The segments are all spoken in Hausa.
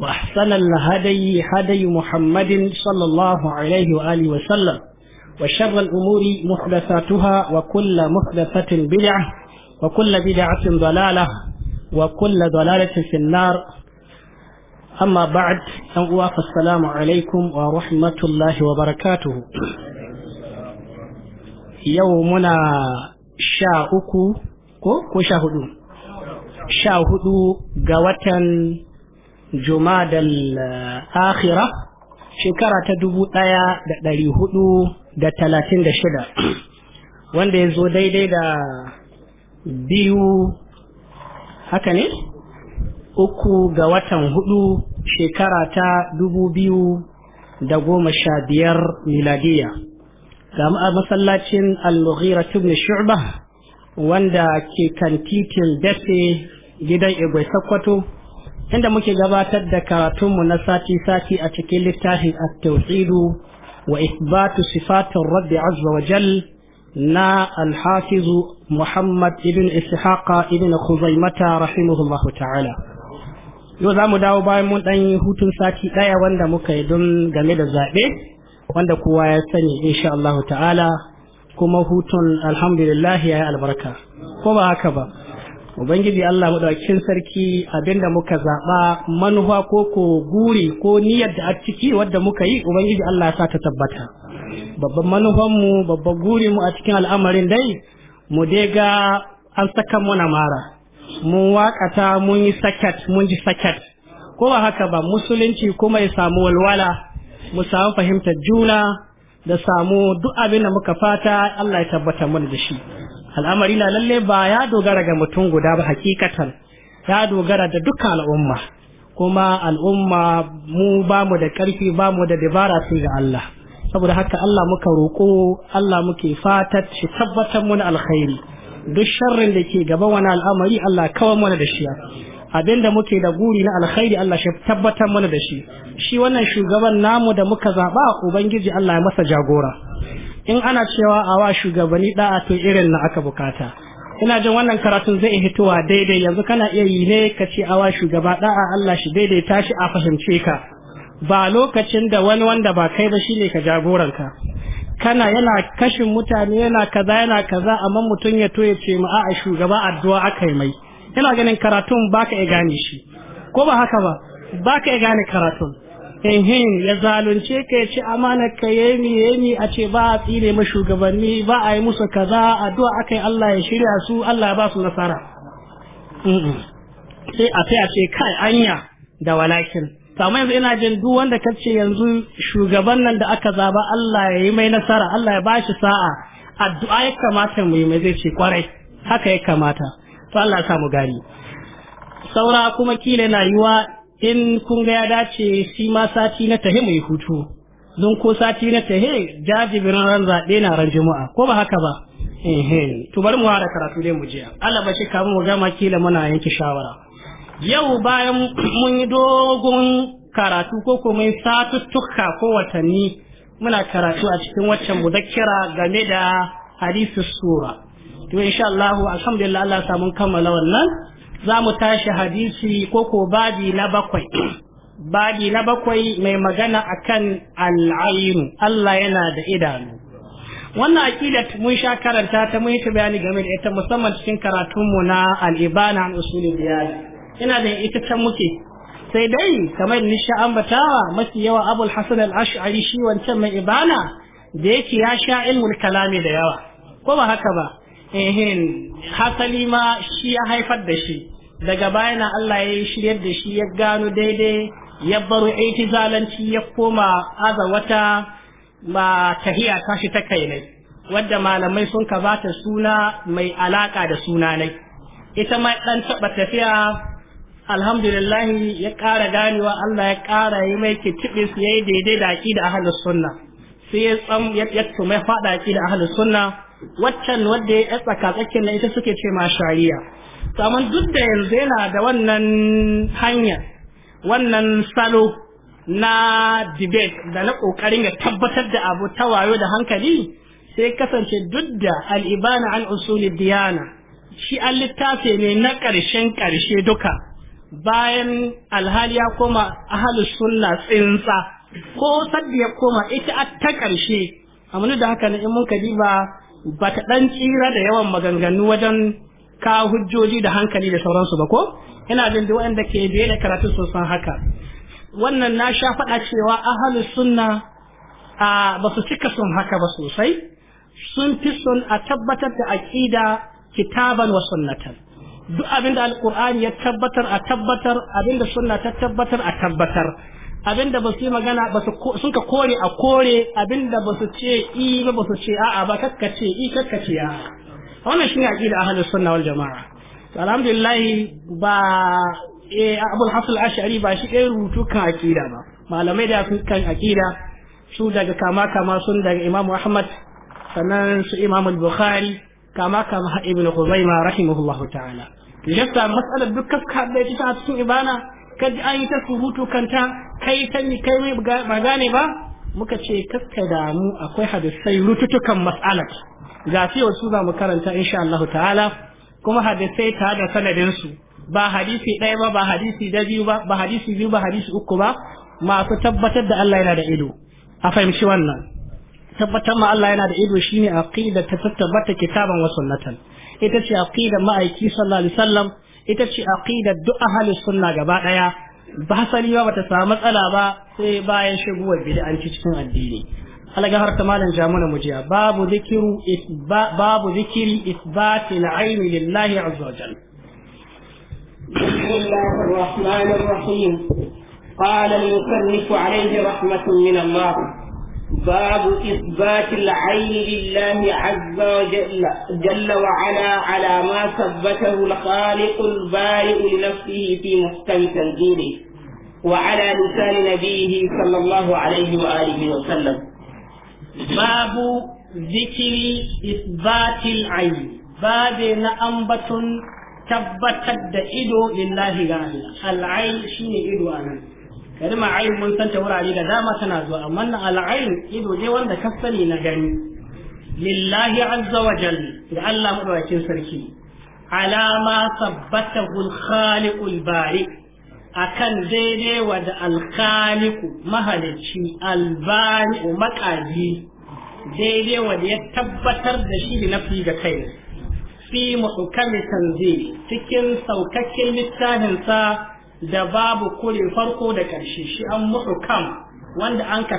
وأحسن الهدي هدي محمد صلى الله عليه وآله وسلم وشر الأمور محدثاتها وكل محدثة بدعة وكل بدعة ضلالة وكل ضلالة في النار أما بعد السلام عليكم ورحمة الله وبركاته يومنا شاوكو كو شاهدو شاهدو غواتن jumadal eh, akhira shekara ta dubu ɗaya da ɗari huɗu da talatin da shida wanda ya zo daidai da biyu haka ne uku ga watan huɗu shekara ta dubu biyu da goma sha biyar miladiya ga masallacin al-mughira ibn shu'ba wanda ke kan titin dafe gidan igwe sakkwato inda muke gabatar da karatunmu na sati-sati a cikin littafin at-tauhidu wa isbatu sifatin rabbi azza wa jal na alhafizu muhammad ibn ishaqa ibn khuzaimata rahimahullahu ta'ala yau za mu dawo bayan mun ɗan yi hutun sati ɗaya wanda muka yi don game da zaɓe wanda kowa ya sani insha Allah ta'ala kuma hutun alhamdulillah ya yi albarka ko ba haka ba ubangiji Allah madaukakin sarki abinda muka zaba manufa ko ko guri ko niyyar da a ciki wadda muka yi ubangiji Allah ya sa ta tabbata babban manufan mu babban guri mu a cikin al'amarin dai mu dai ga an saka muna mara mun wakata mun yi sakat mun ji sakat ko ba haka ba musulunci kuma ya samu walwala mu samu fahimtar juna da samu duk abin da muka fata Allah ya tabbata mana da shi al'amari na lalle ba ya dogara ga mutum guda ba hakikatan ya dogara da duka al'umma kuma al'umma mu ba mu da ƙarfi ba mu da dabara sai ga Allah saboda haka Allah muka roƙo Allah muke fatar shi tabbatar mu na alkhairi duk sharrin da ke gaba wani al'amari Allah kawai mana da shi abinda muke da guri na alkhairi Allah shi tabbatar mana da shi shi wannan shugaban namu da muka zaba ubangiji Allah ya masa jagora in ana cewa a wa shugabanni da'a to irin na aka bukata ina jin wannan karatun zai hitowa daidai yanzu kana iya yi ne ka ce awa shugaba da'a Allah shi daidai tashi a fahimce ka ba lokacin da wani wanda ba kai ba shine ka jagoranka kana yana kashin mutane yana kaza yana kaza amma mutum ya to ya ce a a shugaba addu'a aka yi mai ina ganin karatun baka ya gane shi ko ba haka ba baka ya gane karatun hin ya zalunce ka ya ce amanar ka yi yemi a ce ba a tsire ma shugabanni ba a yi musu kaza addu'a yi Allah ya shirya su Allah ya ba su nasara sai a sai a ce kai anya da walakin Sama yanzu ina jin duk wanda ka ce yanzu shugaban nan da aka zaba Allah ya yi mai nasara Allah ya ba shi sa'a addu'a ya kamata mu yi mai zai ce kwarai haka ya kamata to Allah ya sa mu gani saura kuma kila na yiwa in kun ga ya dace shi ma sati na tahe mai hutu don ko sati na tahe jajibirin ran zaɓe na ran juma'a ko ba haka ba to bari mu fara karatu dai mu jiya Allah bace kamu mu gama kila muna yanke shawara yau bayan mun yi dogon karatu ko kuma satuttuka ko watanni muna karatu a cikin waccan mudakkira game da hadisi sura to insha Allah alhamdulillah Allah ya samu kammala wannan za mu tashi hadisi ko ko babi na bakwai babi na bakwai mai magana akan al'ainu Allah yana da idanu wannan akida mun sha karanta ta mun yi bayani game da ita musamman cikin karatun mu na al-ibana an usuli biyar ina da ita ta muke sai dai kamar ni sha ambatawa mafi yawa abul hasan al-ash'ari shi wancan mai ibana da yake ya sha ilmul kalami da yawa ko ba haka ba ehin hasali ma shi ya haifar da shi daga baya na Allah ya shiryar da shi ya gano daidai ya baro zalanci ya koma aza wata ma tahiya shi ta kai ne wadda malamai sun ka bata suna mai alaka da suna ne ita ma dan taba tafiya alhamdulillah ya ƙara ganewa Allah ya ƙara yi mai kitibis yayi daidai da aqida ahlus sunna sai ya tsam ya yatto mai fada aqida ahlus sunna waccan wadda ya tsaka tsakin ita suke ce ma shari'a to duk da yanzu yana da wannan hanya wannan salo na debate da na kokarin ya tabbatar da abu ta wayo da hankali sai kasance duk da al'ibana an usuli diyana shi an littafi ne na ƙarshen ƙarshe duka bayan alhali ya koma ahalus sunna tsinsa ko sadda ya koma ita a ta ƙarshe amma da haka na in mun kadiba ba ta ɗan tsira da yawan maganganu wajen ka hujjoji da hankali da sauransu ba ko ina jin duk wanda ke biye da karatu sun haka wannan na sha faɗa cewa ahlus sunna a ba su cika sun haka ba sosai sun fi sun a tabbatar da aqida kitaban wa sunnatan duk abinda alqur'ani ya tabbatar a tabbatar abinda sunna ta tabbatar a tabbatar abinda ba su yi magana ba su ka kore a kore abinda ba su ce i ba su ce a'a ba kakkace i kakkace a'a wannan shine aqida ahlus sunna wal jamaa alhamdulillah ba eh abul hasan ash'ari ba shi ɗaya rubutu kan aqida ba malamai da sun kan aqida su daga kama kama sun daga imamu ahmad sannan su imamu bukhari kama kama ibnu khuzaimah rahimahullahu ta'ala yasta mas'alar duk kaska da ita a cikin ibana kaji an yi ta surutu kanta kai sani kai mai ba ba muka ce kaska damu akwai hadisai rututukan mas'alar ga fiye su za mu karanta insha Allah ta'ala kuma hadisai ta da sanadin su ba hadisi ɗaya ba ba hadisi da biyu ba ba hadisi biyu ba hadisi uku ba masu tabbatar da Allah yana da ido a fahimci wannan tabbatar ma Allah yana da ido shine aqida ta tabbata kitaban wa sunnatan ita ce aqida ma'aiki sallallahu alaihi wasallam ita ce aqida duk ahlus sunna gaba daya ba hasali ba bata samu matsala ba sai bayan shigowar bid'anci cikin addini alaga har ta malam jamuna mujiya babu zikiru babu zikiri isbatil aini lillahi azza wa jalla بسم الله الرحمن الرحيم قال المصنف عليه رحمة من الله باب إثبات العين لله عز وجل جل وعلا على ما ثبته الخالق البارئ لنفسه في محكم تنزيله وعلى لسان نبيه صلى الله عليه وآله وسلم babu zikiri isbatil ayi babe na ambatun tabbatar da ido lillahi ga Allah al'ain shine ido anan kalma ain mun san ta wurare da dama tana zuwa amma na al'ain ido ne wanda ka sani na gani lillahi azza wa jalla da Allah madaukakin sarki alama sabbatahu al-khaliqul akan daidai wa da alkhaliku mahalicci albani makaji daidai wa da ya tabbatar da shi na fi ga kai fi muhukami tanzili cikin saukakken littafinsa da babu kurin farko da ƙarshe shi an muhukam wanda an ka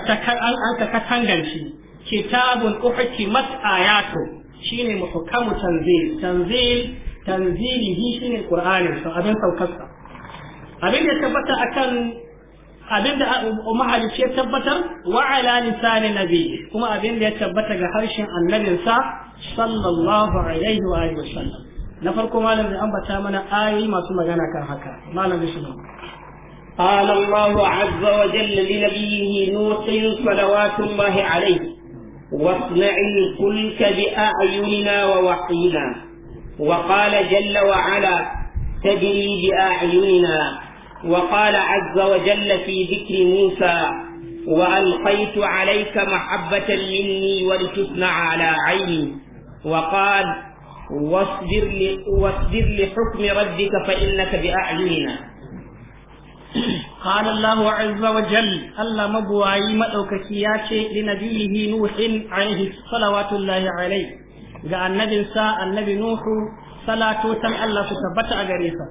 katangance kitabun uhkimat ayatu shine muhukamu tanzil tanzil shi shine qur'anin so abin saukarsa abin da tabbata akan abin da mahalicci ya tabbatar wa ala lisanin nabi kuma abin da ya tabbata ga harshen annabinsa sallallahu alaihi wa alihi wasallam na farko malam da ambata mana ayoyi masu magana kan haka malam da shi قال الله عز وجل لنبيه نوح صلوات الله عليه واصنع الفلك بأعيننا ووحينا وقال جل وعلا تجري بأعيننا وقال عز وجل في ذكر موسى وألقيت عليك محبة مني ولتصنع على عيني وقال واصبر, واصبر لحكم ربك فإنك بأعيننا قال الله عز وجل الله مبواي مدوككيات لنبيه نوح عليه صلوات الله عليه ga annabinsa annabi Nuhu salatu san Allah su tabbata a gare sa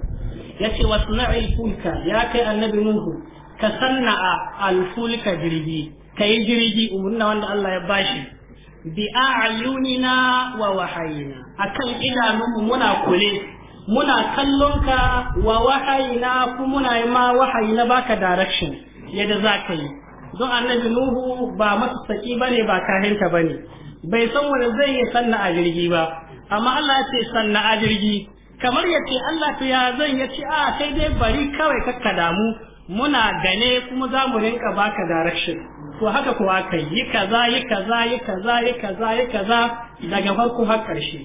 yace wasna'il fulka ya kai annabi nuhu ka sanna'a alfulka jirgi kai jirgi umurna wanda Allah ya bashi bi a'yunina wa wahayina akan idanunmu muna kule muna kallon ka wa wahayina kuma muna yi ma wahayi na baka direction yadda za ka yi don annabi nuhu ba masasaki bane ba kahinta bane bai san wani zai yi sanna a jirgi ba amma Allah ya ce sanna a jirgi kamar ce, Allah to ya zan ce a sai dai bari kawai kakka damu muna gane kuma za mu rinka baka direction to haka kuwa kai yi kaza yi kaza yi kaza yi kaza yi kaza daga farko har karshe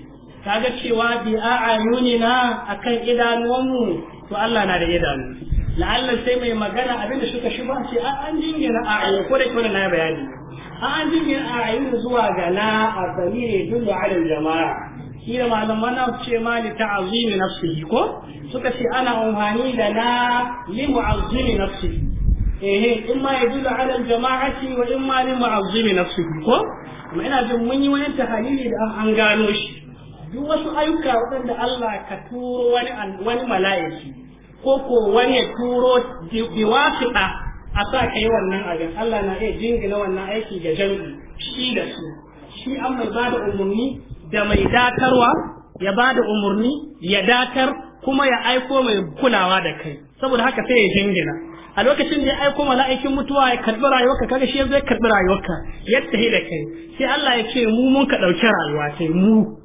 kaga cewa bi a na akan idanuwanmu to Allah na da idanu la'alla sai mai magana abinda suka shi ba ce a an jingina a ayu ko da ke na bayani a an jingina a ayu zuwa ga na a zamiri dullu alal jama'a shi da malaman na ce ma li ta'azimi nafsihi ko suka ce ana amfani da na li mu'azzimi nafsihi eh in ma yadullu ala al-jama'ati wa in ma li mu'azzimi nafsihi ko amma ina jin mun yi wani tahalili da an gano shi duk wasu ayyuka waɗanda Allah ka turo wani wani mala'iki ko ko wani ya turo a sa ka yi wannan abin Allah na iya jingina wannan aiki ga jami'i shi da su shi an mai ba da umarni da mai datarwa ya ba da umarni ya datar kuma ya aiko mai kulawa da kai saboda haka sai ya jingina a lokacin da ya aiko mala'ikin mutuwa ya karbi rayuwarka kaga shi zai karbi rayuwarka yadda da kai sai Allah ya ce mu mun ka dauki rayuwa sai mu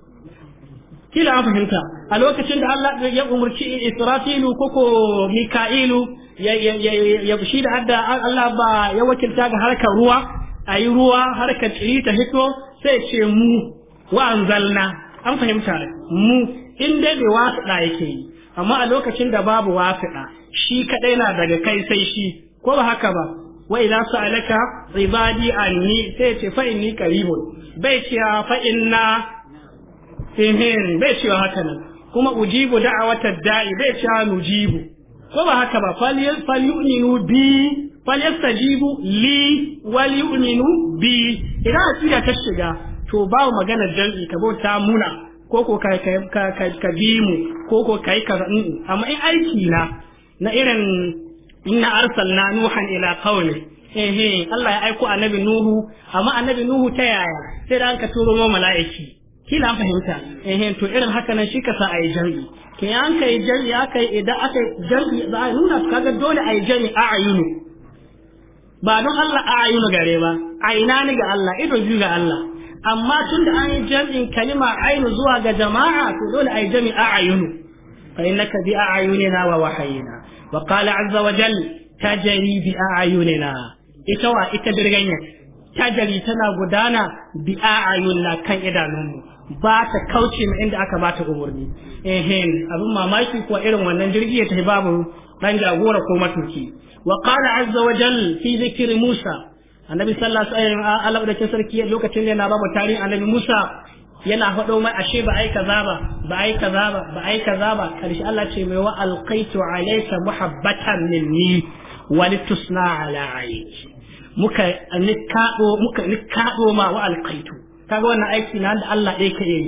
kila an fahimta a lokacin da Allah ya umurci Israfilu koko Mika'ilu ya shi da adda Allah ba ya wakilta ga harkar ruwa ayi ruwa harkar tsiri ta hito sai ce mu wa anzalna an fahimta mu in dai bai wasiɗa yake yi amma a lokacin da babu wasiɗa shi kaɗai na daga kai sai shi ko ba haka ba wa idza sa'alaka ibadi anni sai ce fa inni qaribun bai cewa fa inna fihin bai cewa haka nan kuma ujibu da'awata da'i bai cewa nujibu ko ba haka ba fal yu'minu bi fal yastajibu li wal yu'minu bi idan asira ta shiga to ba magana jam'i ka bauta muna ko ko ka ka ka bi mu ko ko kai ka amma in aiki na na irin inna arsalna nuhan ila qaumi eh Allah ya aiko annabi nuhu amma annabi nuhu ta yaya sai da an ka turo ma mala'iki kila na fahimta eh to irin haka nan shi ka sa ayi jami'i ke an kai jami'i aka yi idan aka jami'i za a nuna su kaga dole ayi jami'i a ayunu ba don Allah a ayunu gare ba aina ni ga Allah ido ji ga Allah amma tun da an yi jam'in kalima ainu zuwa ga jama'a to dole a yi jami'a ayunu fa innaka bi na wa wahayina wa qala azza wa jal tajri bi na. ita wa ita birganya tajri tana gudana bi na kan idanunmu ba ta kauce ma inda aka bata umarni ehin abin mamaki ko irin wannan jirgi ya tafi babu dan jagora ko matuki wa qala azza wa jal fi dhikri musa annabi sallallahu alaihi wa sallam Allah da sarki lokacin da yana babu tarihin annabi Musa yana faɗo mai ashe ba ai kaza ba ba ai kaza ba ba ai kaza ba karshe Allah ce mai wa alqaitu alayka muhabbatan minni wa litusna ala ayni muka nikado muka nikado ma wa alqaitu kaga wannan aiki na da Allah ɗaya ke yi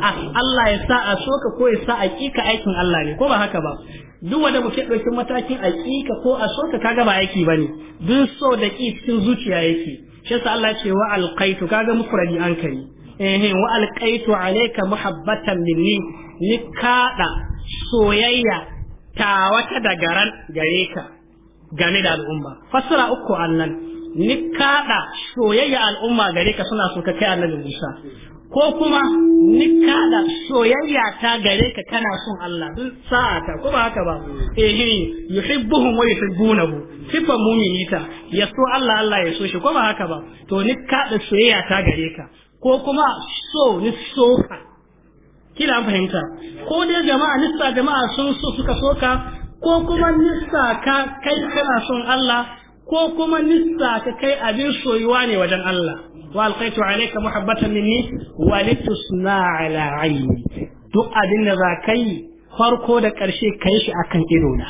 Allah ya sa a soka ko ya sa a kika aikin Allah ne ko ba haka ba duk wanda muke ɗaukin matakin a kika ko a soka kaga ba aiki bane duk so da ki cikin zuciya yake shi yasa Allah ce wa alqaitu kaga mufradi an kai eh wa alqaitu alayka muhabbatan minni likada soyayya ta wata dagaran gare ka game da al'umma fasara uku annan ni soyayya al'umma gare ka suna so ka kai annabi Musa ko kuma ni kada soyayya ta gare ka kana son Allah dun ta ko ba haka ba eh yuhibbuhum wa yuhibbunahu ta, ya yaso Allah Allah yaso shi ko ba haka ba to ni kada soyayya ta gare ka ko kuma so ni so ka kila fahimta ko dai jama'a nissa jama'a sun so suka so ka, ko kuma nissa ka kai kana son Allah ko kuma nissa ka kai abin soyuwa ne wajen Allah والقيت عليك محبة مني ولتصنع على عيني duk abinda da za ka yi farko da ƙarshe ka yi shi akan idona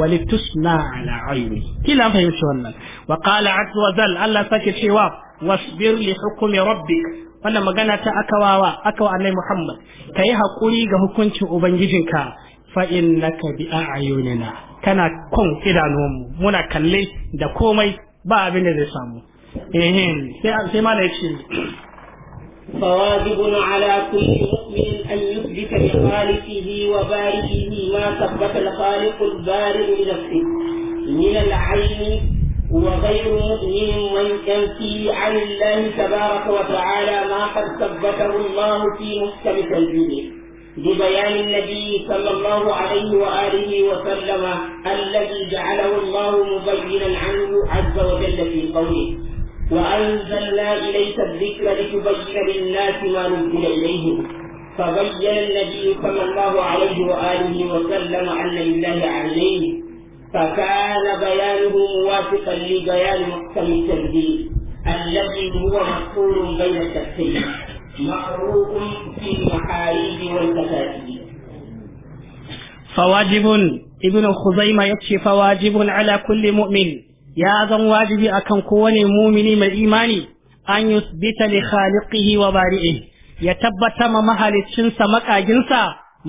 walitusna ala aini kila fahimci wannan wa qala azza wa jal Allah sake cewa wasbir li hukmi rabbik wannan magana ta akawawa wa annabi Muhammad kai hakuri ga hukuncin ubangijinka fa innaka bi a'yunina kana kun idanunmu muna kalle da komai ba abin da zai samu ehem sai sai ma ne shi fawajibun ala kulli mu'min an yuthbita li khaliqihi wa barihi ma sabbata al khaliq al bari li wa ghayr mu'min man kan fi ala allah tabaarak wa ta'ala ma qad sabbata allah fi muhkam al din bi bayan al nabi sallallahu alayhi wa alihi wa sallama alladhi ja'alahu allah mubayyinan anhu azza wa jalla fi qawlihi وأنزلنا إليك الذكر لتبين للناس ما نزل إليهم فبين النبي صلى الله عليه وآله وسلم عن الله عليه فكان بيانه موافقا لبيان محكم التنزيل الذي هو مقصور بين الشخصين معروف في المحاريب والكتاتيب فواجب ابن خزيمة يكشف فواجب على كل مؤمن ya zan wajibi akan kowane mumini mai imani an yusbita li khaliqihi wa bari'i ya tabbata ma mahaliccinsa makaginsa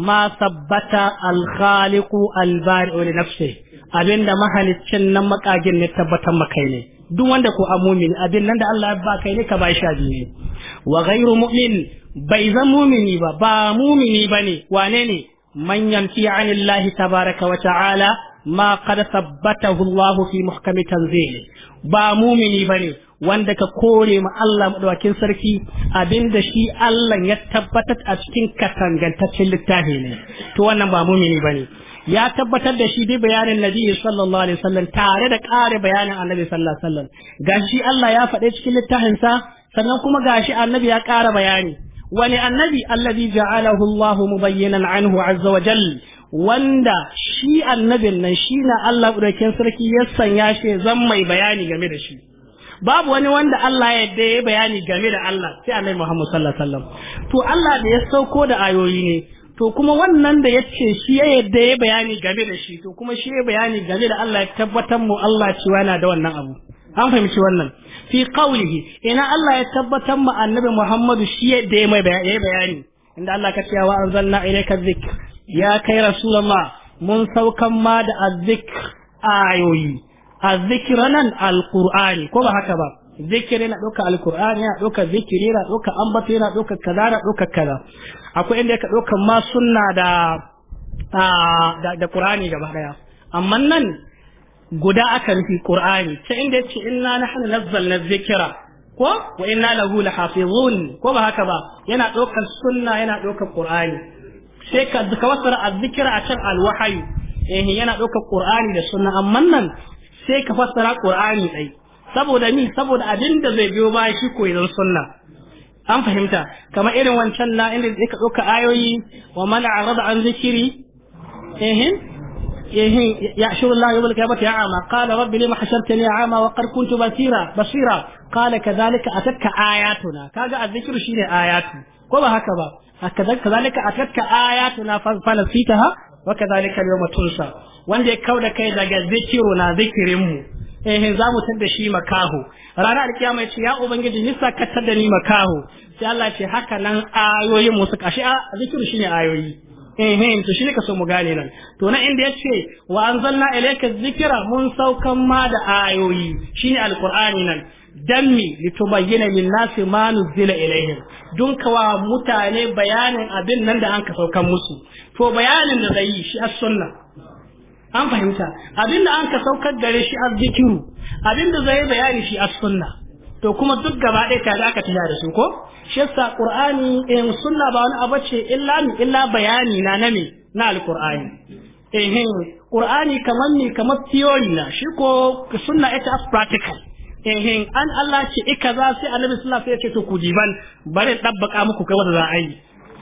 ma sabbata al-khaliqu al-bari'u li nafsi abinda mahaliccin nan makagin ne tabbatan makai ne duk wanda ko amumini abin nan da Allah ya ba kai ne ka ba shi ne wa ghairu mu'min bai zan mumini ba ba mumini bane wane ne man yamti anillahi tabaraka wa ta'ala ma qad sabbatahu Allahu fi muhkami tanzili ba mumini bane wanda ka kore ma Allah madawakin sarki abinda shi Allah ya tabbatar a cikin katangantaccen littafi ne to wannan ba mumini bane ya tabbatar da shi bi bayanin nabi sallallahu alaihi wasallam tare da ƙare bayanin annabi sallallahu alaihi wasallam gashi Allah ya faɗe cikin littafinsa sannan kuma gashi annabi ya ƙara bayani wani annabi allazi ja'alahu Allahu mubayyinan anhu azza wa jalla wanda shi annabin nan shi na Allah ɗaukin sarki ya sanya shi zan mai bayani game da shi babu wani wanda Allah ya da ya bayani game da Allah sai annabi Muhammad sallallahu alaihi wasallam to Allah da ya sauko da ayoyi ne to kuma wannan da yace shi ya yadda ya bayani game da shi to kuma shi ya bayani game da Allah ya tabbatar mu Allah cewa yana da wannan abu an fahimci wannan fi qawlihi ina Allah ya tabbatar mu annabi Muhammad shi ya da ya mai bayani inda Allah ka cewa anzalna ilayka dhikr ya kai rasulullah mun saukan ma da azzik ayoyi azzikira nan alqur'ani ko ba haka ba zikiri na ɗauka alqur'ani na ɗauka zikiri na ɗauka ambata na ɗauka kaza na ɗauka kaza akwai inda ka ɗauka ma sunna da da qur'ani gaba daya amma nan guda aka nufi qur'ani ta inda yace inna nahnu nazzalna dhikra ko wa inna lahu lahafizun ko ba haka ba yana ɗaukar sunna yana ɗaukar qur'ani sai ka fassara azzikira a can alwahayu eh yana ɗaukar qur'ani da sunna amma nan sai ka fassara qur'ani dai saboda ni saboda abin da zai biyo baya shi idan sunna an fahimta kamar irin wancan na inda zai ka ɗauka ayoyi wa man arada an zikiri ehin ehin ya shuru Allah yawmal ya ama qala rabbi lima hashartani ama wa qad kuntu basira basira qala kadhalika atatka ayatuna kaga azzikru shine ayatu ko ba haka ba كذلك أتتك آياتنا فنسيتها وكذلك اليوم تنسى wanda ya kauda kai daga zikiru na zikirinmu eh za mu da shi makaho ranar alkiyama ya ce ya ubangiji nisa ka tada ni makaho sai Allah ce haka nan ayoyin mu suka shi zikiru shine ayoyi ehem eh, to shine kaso mu gane nan to na inda yace wa anzalna ilayka dhikra mun saukan ma da ayoyi shine alqur'ani nan dan mi litubayyana linnasi ma nuzila ilaihim dun kawa mutane bayanin abin nan da an ka saukan musu to bayanin da zai yi shi as sunna an fahimta abin da an ka saukar gare shi as zikiru abin da zai bayani shi as sunna to kuma duk gaba ɗaya tare aka tuna da su ko shi yasa qur'ani in eh, sunna ba wani abu ce illa mi illa bayani na na me na alqur'ani eh qur'ani kamar ni kamar theory na shi ko sunna ita as practical ehin an Allah ce ika za sai annabi sallallahu alaihi wasallam ya ce to ku diban bari dabbaka muku kai wata za a yi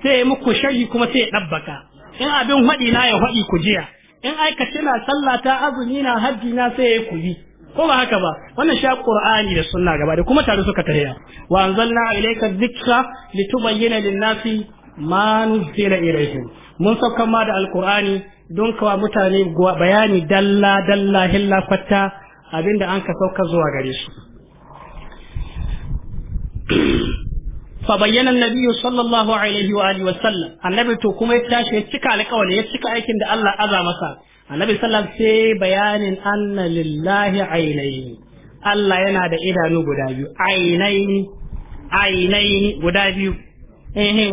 sai muku sharhi kuma sai ya dabbaka in abin hadi na ya hadi ku jiya in aikace na ta azumi na haji na sai ya kuyi ko ba haka ba wannan sha qur'ani da sunna gaba da kuma tare suka tarayya wa anzalna ilayka dhikra litubayyana lin-nasi ma nuzila ilayhim mun sauka ma da alqur'ani don kawa mutane bayani dalla dalla hilla kwatta abinda an ka sauka zuwa gare su fa bayyana annabi sallallahu alaihi wa alihi wa sallam annabi to kuma ya tashi ya cika alƙawari ya cika aikin da Allah aza masa annabi sallallahu sai bayanin anna lillahi ainaini Allah yana da idanu guda biyu ainaini ainaini guda biyu Fakana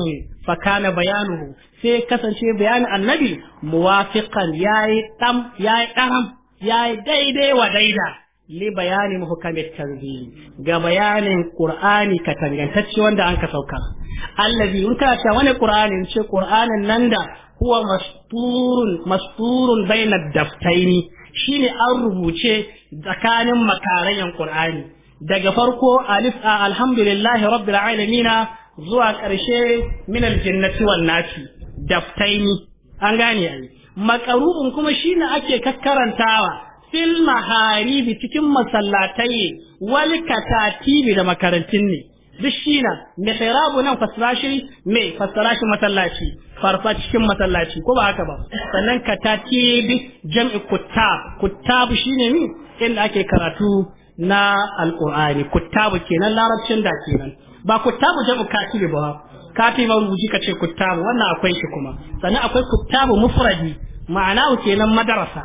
fa kana bayanuhu sai kasance bayanin annabi muwafiqan yayi tam yayi daram ya daidai wa daida li bayanin muhkamin tanzili ga bayanin ƙur'ani ka tangantacce wanda an ka sauka allazi in wani qur'ani ce Kur'anin nan da huwa masturun masturun baina daftaini shine an rubuce tsakanin makarayan ƙur'ani daga farko alif alhamdulillahi rabbil alamin zuwa karshe min aljannati wan nasi daftaini an gane ai makaru'un kuma shine ake kakkarantawa fil maharibi cikin masallatai wal katatibi da makarantun ne duk shine mihrabu nan fasara shi me fasara masallaci farfa cikin masallaci ko ba haka ba sannan katatibi jam'i kuttab kuttab shine ni inda ake karatu na alqur'ani kuttab kenan larabcin da kenan ba kuttab jam'u katibi ba ka fi marubuci ka ce kuttabu wannan akwai shi kuma sannan akwai kuttabu mufradi ma'ana kenan madarasa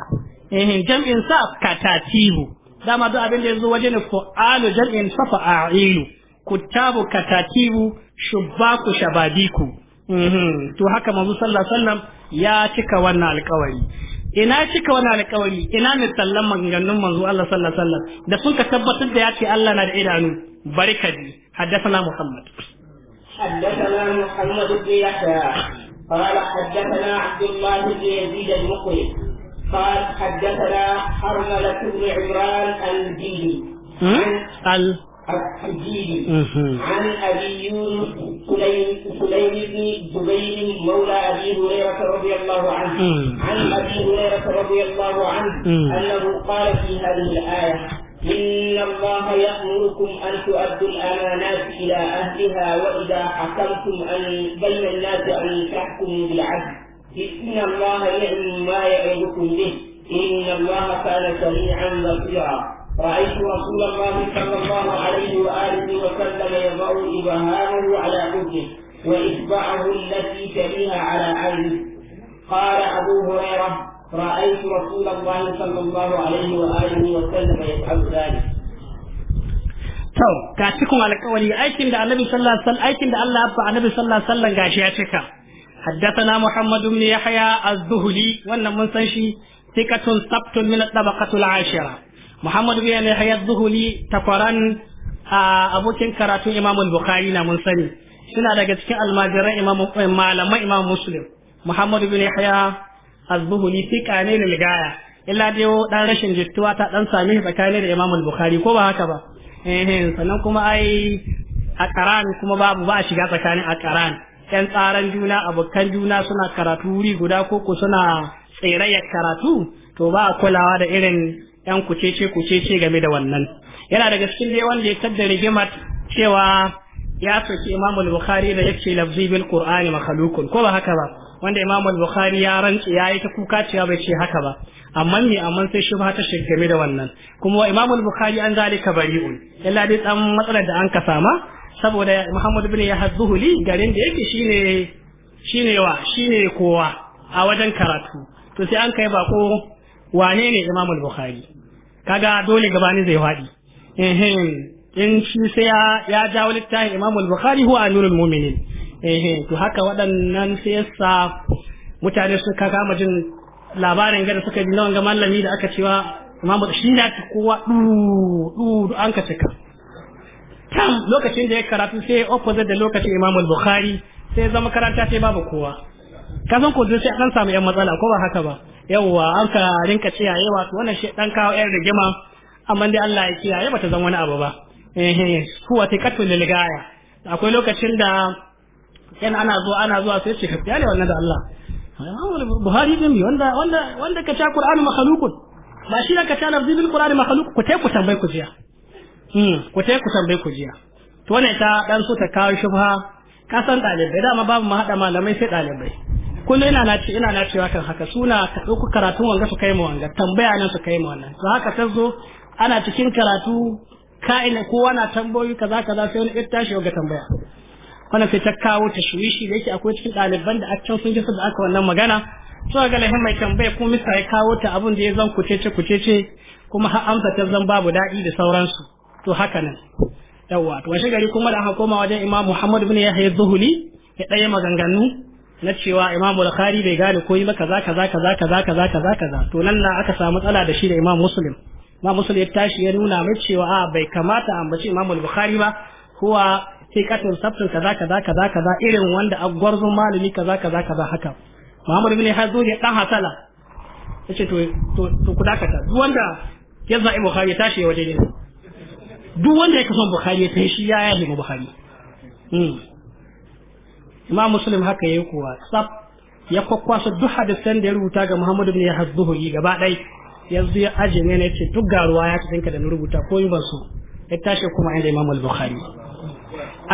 eh jam'in sa katatibu dama duk abin da yazo waje ne fa'alu jam'in sa fa'ailu kuttabu katatibu shubbaku shababiku mhm to haka manzo sallallahu alaihi wasallam ya cika wannan alƙawari ina cika wannan alƙawari ina misallan maganganun manzo Allah sallallahu alaihi wasallam da sun ka tabbatar da ya ce Allah na da idanu barkadi haddathana muhammad حدثنا محمد بن يحيى قال حدثنا عبد الله بن يزيد المقري قال حدثنا حرملة بن عمران الجيلي عن الجيلي عن ابي يونس سليم بن جبير مولى ابي هريره رضي الله عنه عن ابي هريره رضي الله عنه انه قال في هذه الايه إن الله يأمركم أن تؤدوا الأمانات إلى أهلها وإذا حكمتم أن بين الناس أن تحكموا بالعدل إن الله يعلم ما يعظكم به إن الله كان سميعا بصيرا رأيت رسول الله صلى الله عليه وآله وسلم يضع إبهامه على أذنه وإتبعه التي تليها على عينه قال أبو هريرة رأيت رسول الله صلى الله عليه وآله وسلم يفعل ذلك to ga cikin alƙawari aikin da annabi sallallahu alaihi wasallam aikin da Allah ba annabi sallallahu alaihi wasallam gashi ya cika haddathana muhammad ibn yahya az-zuhli wannan mun san shi sikatun sabtun min at-tabaqatul ashira muhammad ibn yahya az-zuhli takwaran abokin karatun imam al-bukhari na mun sani suna daga cikin almajiran imam eh, malaman imam muslim muhammad ibn yahya az fika ne lil gaya illa dai dan rashin jittuwa ta dan sami tsakanin da Imam al-Bukhari ko ba haka ba eh sannan kuma ai a karan kuma babu ba shiga tsakanin a karan yan tsaran juna abokan juna suna karatu wuri guda ko ko suna tsirayyar karatu to ba a kulawa da irin yan kucece kucece game da wannan yana daga cikin dai wanda ya tadda rigimar cewa ya soki Imam al-Bukhari da yake lafzi bil Qur'ani makhluqun ko ba haka ba wanda Imam al-Bukhari ya ya yi ta kuka cewa bai ce haka ba amma me amma sai shi ba ta shigame da wannan kuma Imam al-Bukhari an zalika bari'un illa dai dan matsalar da an kasa sama saboda Muhammad ibn Yahya Zuhuli garin da yake shine shine wa shine kowa a wajen karatu to sai an kai bako wane ne Imam al-Bukhari kaga dole gabanin zai fadi in shi sai ya jawo littafin Imam al-Bukhari huwa anurul mu'minin to haka waɗannan sai mutane suka kama jin labarin gada suka ji nawan ga mallami da aka cewa imamu shi na ta kowa du an ka cika tam lokacin da ya karatu sai opposite da lokacin imamu bukhari sai zama karanta sai babu kowa kazan san ko sai an samu yan matsala ko ba haka ba yawwa an ka rinka cewa yawa to wannan shi dan kawo yan rigima amma dai Allah ya kiyaye bata zan wani abu ba eh eh kuwa ta katul ligaya akwai lokacin da yana ana zuwa ana zuwa sai ce ka ne wannan da Allah Buhari din bi wanda wanda wanda ka ta Qur'ani makhluqun ba shi ka ta lafzi bil Qur'ani makhluq ku tai ku tambayi ku jiya hmm ku tai ku tambayi ku jiya to wannan ta dan so ta kawo shubha ka san dalibai dama babu ma hada malamai sai dalibai kullum ina na ce ina na cewa kan haka suna ka dauko karatun wanga su kai mu wanga tambaya nan su kai mu wannan to haka ta zo ana cikin karatu ka'ina kowa na tambayoyi kaza kaza sai wani ita tashi ga tambaya wanda sai ta kawo ta tashwishi da yake akwai cikin ɗaliban da akan sun ji da aka wannan magana to ga lahin mai tambaya ko misa ya kawo ta abun da ya zan kucece kucece kuma har amsa ta zan babu daɗi da sauransu to haka nan yawwa to washe gari kuma da aka koma wajen imam muhammad ibn yahya zuhuli ya ɗaya maganganu na cewa imam bukhari bai gane koyi ba kaza kaza kaza kaza kaza kaza kaza to nan na aka samu matsala da shi da imam muslim imam muslim ya tashi ya nuna mai cewa a bai kamata a ambaci imam bukhari ba huwa tun sabtun kaza kaza kaza kaza irin wanda a gwarzon malami kaza kaza kaza haka Muhammad ibn ya dan hasala yace to to to ku dakata duk wanda ya za'i Bukhari tashi waje ne duk wanda yake son Bukhari ya tashi ya ya nemi Bukhari hmm Imam Muslim haka yayi kuwa sab ya kwakwasa duk hadisan da ya rubuta ga Muhammad ibn Hazu gaba dai yanzu ya aje ne ne ce duk garuwa ya tafinka da rubuta ko yi ba su ya tashi kuma inda Imam al-Bukhari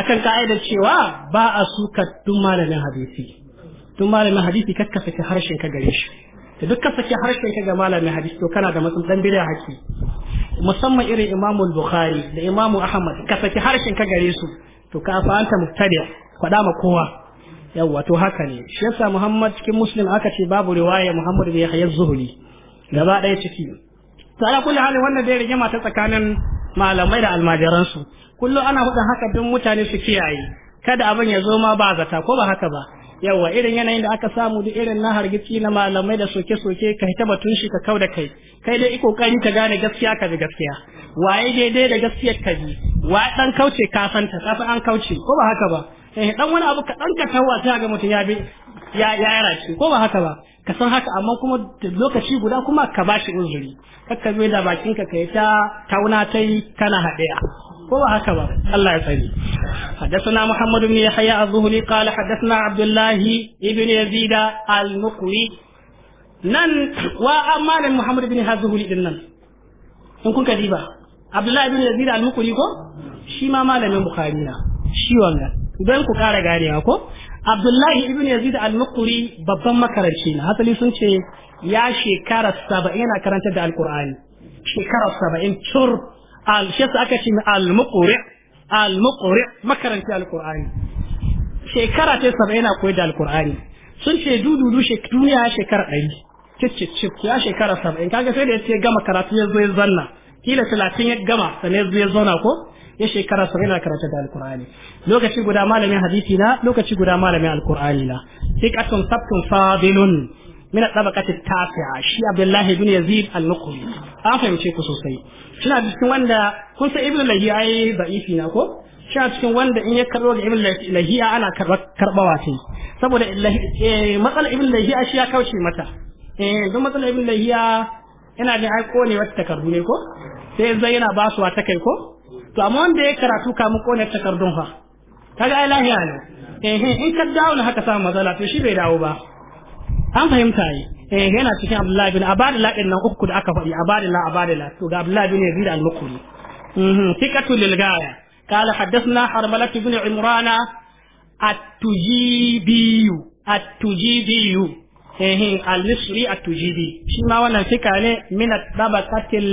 akan ka'idar cewa ba a suka tun malamin hadisi tun malamin hadisi kakka saki harshen ka gare shi to duk saki harshen ka ga malamin hadisi to kana da matsalan bid'a haki musamman irin Imam al-Bukhari da Imam Ahmad ka saki harshen ka gare su to ka fa anta mubtadi kwada ma kowa yawa to haka ne shi yasa Muhammad cikin Muslim aka ce babu riwaya Muhammad ya hayar zuhuri gaba daya ciki to ala kulli hali wannan dai rigima ta tsakanin malamai da almajiransu kullum ana faɗin haka don mutane su kiyaye kada abin ya zo ma ba zata ko ba haka ba yawa irin yanayin da aka samu duk irin na hargitsi na malamai da soke-soke ka hita batun shi ka kauda kai kai dai iko kokari ka gane gaskiya ka bi gaskiya waye daidai da gaskiyar ka bi wa dan kauce ka santa ka an kauce ko ba haka ba eh dan wani abu kaɗan ka tawa sai ga mutum ya bi ya ya ko ba haka ba ka san haka amma kuma lokaci guda kuma ka bashi uzuri kakka bai da bakin ka kai ta tauna tai kana haɗaya ko ba haka ba Allah ya tsari حدثنا محمد بن يحيى الظهري قال حدثنا عبد الله ابن يزيد المقري نن وأمان محمد بن الظهري نن in kun ka diba Abdullahi ibn Yazid al-Mukuri ko shi ma malamin Bukhari na shi don ku kara ganewa ko abdullahi ibn yazid al-muqri babban makaranci na hasali sun ce ya shekara saba'in yana karanta da alqur'ani shekara saba'in tur al shi aka ce al-muqri al-muqri makaranci alqur'ani shekara ta saba'in yana koyar da alqur'ani sun ce dududu duniya shekara ɗari cicicip ya shekara saba'in kaga sai da yace gama karatu ya zo ya zanna kila talatin ya gama sannan ya zauna ko ya shekara saba'in na karanta da alkur'ani lokaci guda malamin hadisi na lokaci guda malamin alkur'ani na thiqatun sabtun fadilun min tabaqati tasi'a shi abdullahi ibn yazid al-nuqri an fahimce ku sosai Shina cikin wanda kun san ibn lahi ai da'ifi na ko Shina cikin wanda in ya karbo ga ibn lahi ana karbawa sai saboda matsalar ibn lahi shi ya kauce mata eh don matsalar ibn lahi ina jin ai kone wata takardu ne ko sai zai yana basuwa wata kai ko to amma wanda ya karatu mu kone takardun fa kaga ai lahiya ne eh in ka dawo haka samu matsala to shi bai dawo ba an fahimta yi eh yana cikin Abdullahi bin Abadillah din nan uku da aka faɗi Abadillah Abadillah to ga Abdullahi bin Yazid al-Mukri mhm fikatu lil gaya قال حدثنا حرملة بن عمران التجيبي التجيبي eh al-misri at-tujibi shi ma wannan fika ne min at-tabaqatil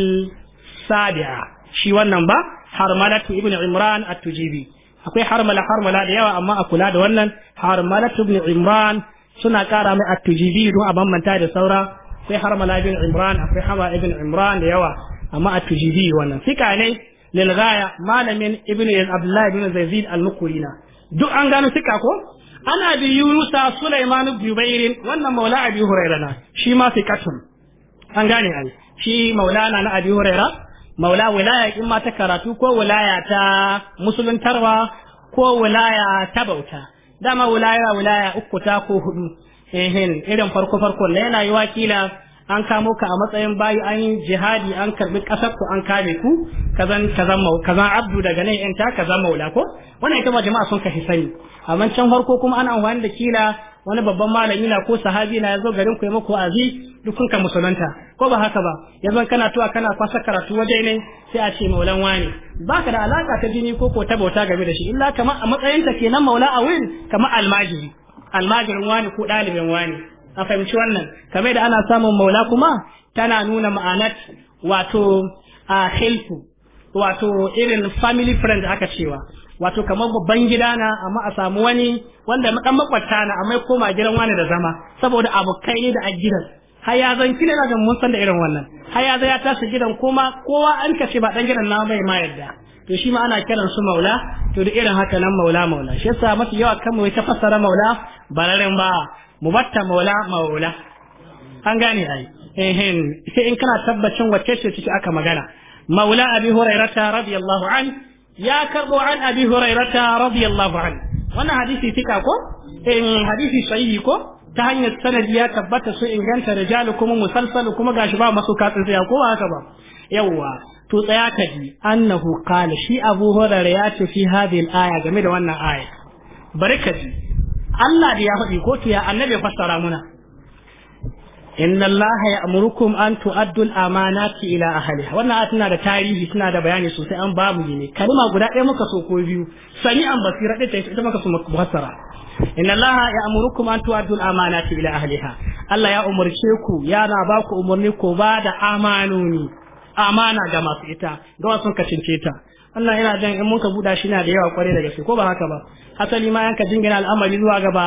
sabi'a shi wannan ba harmalatu ibn imran at-tujibi akwai harmala harmala da yawa amma a kula da wannan harmalatu ibn imran suna kara mai at-tujibi don a bambanta da saura akwai harmala ibn imran akwai hama ibn imran da yawa amma at-tujibi wannan fika ne lil malamin ibn abdullah ibn zaid al-mukurina duk an gano fika ko ana bi yunusa sulaiman wannan maula abi huraira na shi ma fiqatun an gane ai shi maulana na abi huraira maula wilaya in ma ta karatu ko wilaya ta musuluntarwa ko wilaya ta bauta dama wilaya wilaya uku ta ko hudu irin farko farko na yana yi wakila an kamo ka a matsayin bayi an yi jihadi an karbi kasar ku an kame ku kazan kazan kazan abdu daga nan yanta kazan maula ko wannan ita ba jama'a sun kashi sani amma can farko kuma ana amfani da kila wani babban malami na ko sahabi na zo garin ku ya muku azi duk ka musulunta ko ba haka ba yanzu kana tuwa kana kwasa karatu waje ne sai a ce maulan wani baka da alaka ta jini ko ko ta bauta game da shi illa kamar a ke kenan maula a wurin kamar almajiri almajirin wani ko ɗalibin wani a fahimci wannan kamar da ana samun maula kuma tana nuna ma'anat wato a helfu wato irin family friend aka cewa wato kamar babban gida na amma a samu wani wanda dan makwabta na amma koma gidan wani da zama saboda abokai da a gidan har ya zan kina na mun san da irin wannan har ya ya tashi gidan kuma kowa an kace ba dan gidan na bai ma yadda to shi ma ana kiran su maula to da irin haka nan maula maula shi yasa mafi yawa kan mu ta fassara maula bararen ba mubatta maula maula an gane ai ehin sai in kana tabbacin wacce ce ciki aka magana maula abi hurairata radiyallahu an ya karbo an abi hurairata radiyallahu an wannan hadisi tika ko in hadisi sahihi ko ta hanyar sanadi ya tabbata su inganta rijalu kuma musalsalu kuma gashi ba masu katsin tsaya ko haka ba yawwa to tsaya ka ji annahu qala shi abu hurairah ya ce fi hadhihi al-aya game da wannan aya bari ka ji Allah da ya faɗi ko to ya annabi fassara muna inna Allah ya amurukum an tu'addul amanati ila ahli wannan tana da tarihi tana da bayani sosai an babu ne kalma guda ɗaya muka so ko biyu sani an basira ɗaya ta ita muka so fassara inna Allah ya amurukum an tu'addul amanati ila ahliha Allah ya umurce ku yana ba ku umurni ko ba da amanoni amana ga masu ita ga wasu ka cince ta wannan yana jan in muka buɗa shi na da yawa kwarai da gaske ko ba haka ba asali ma yanka jingina al'amari zuwa ga ba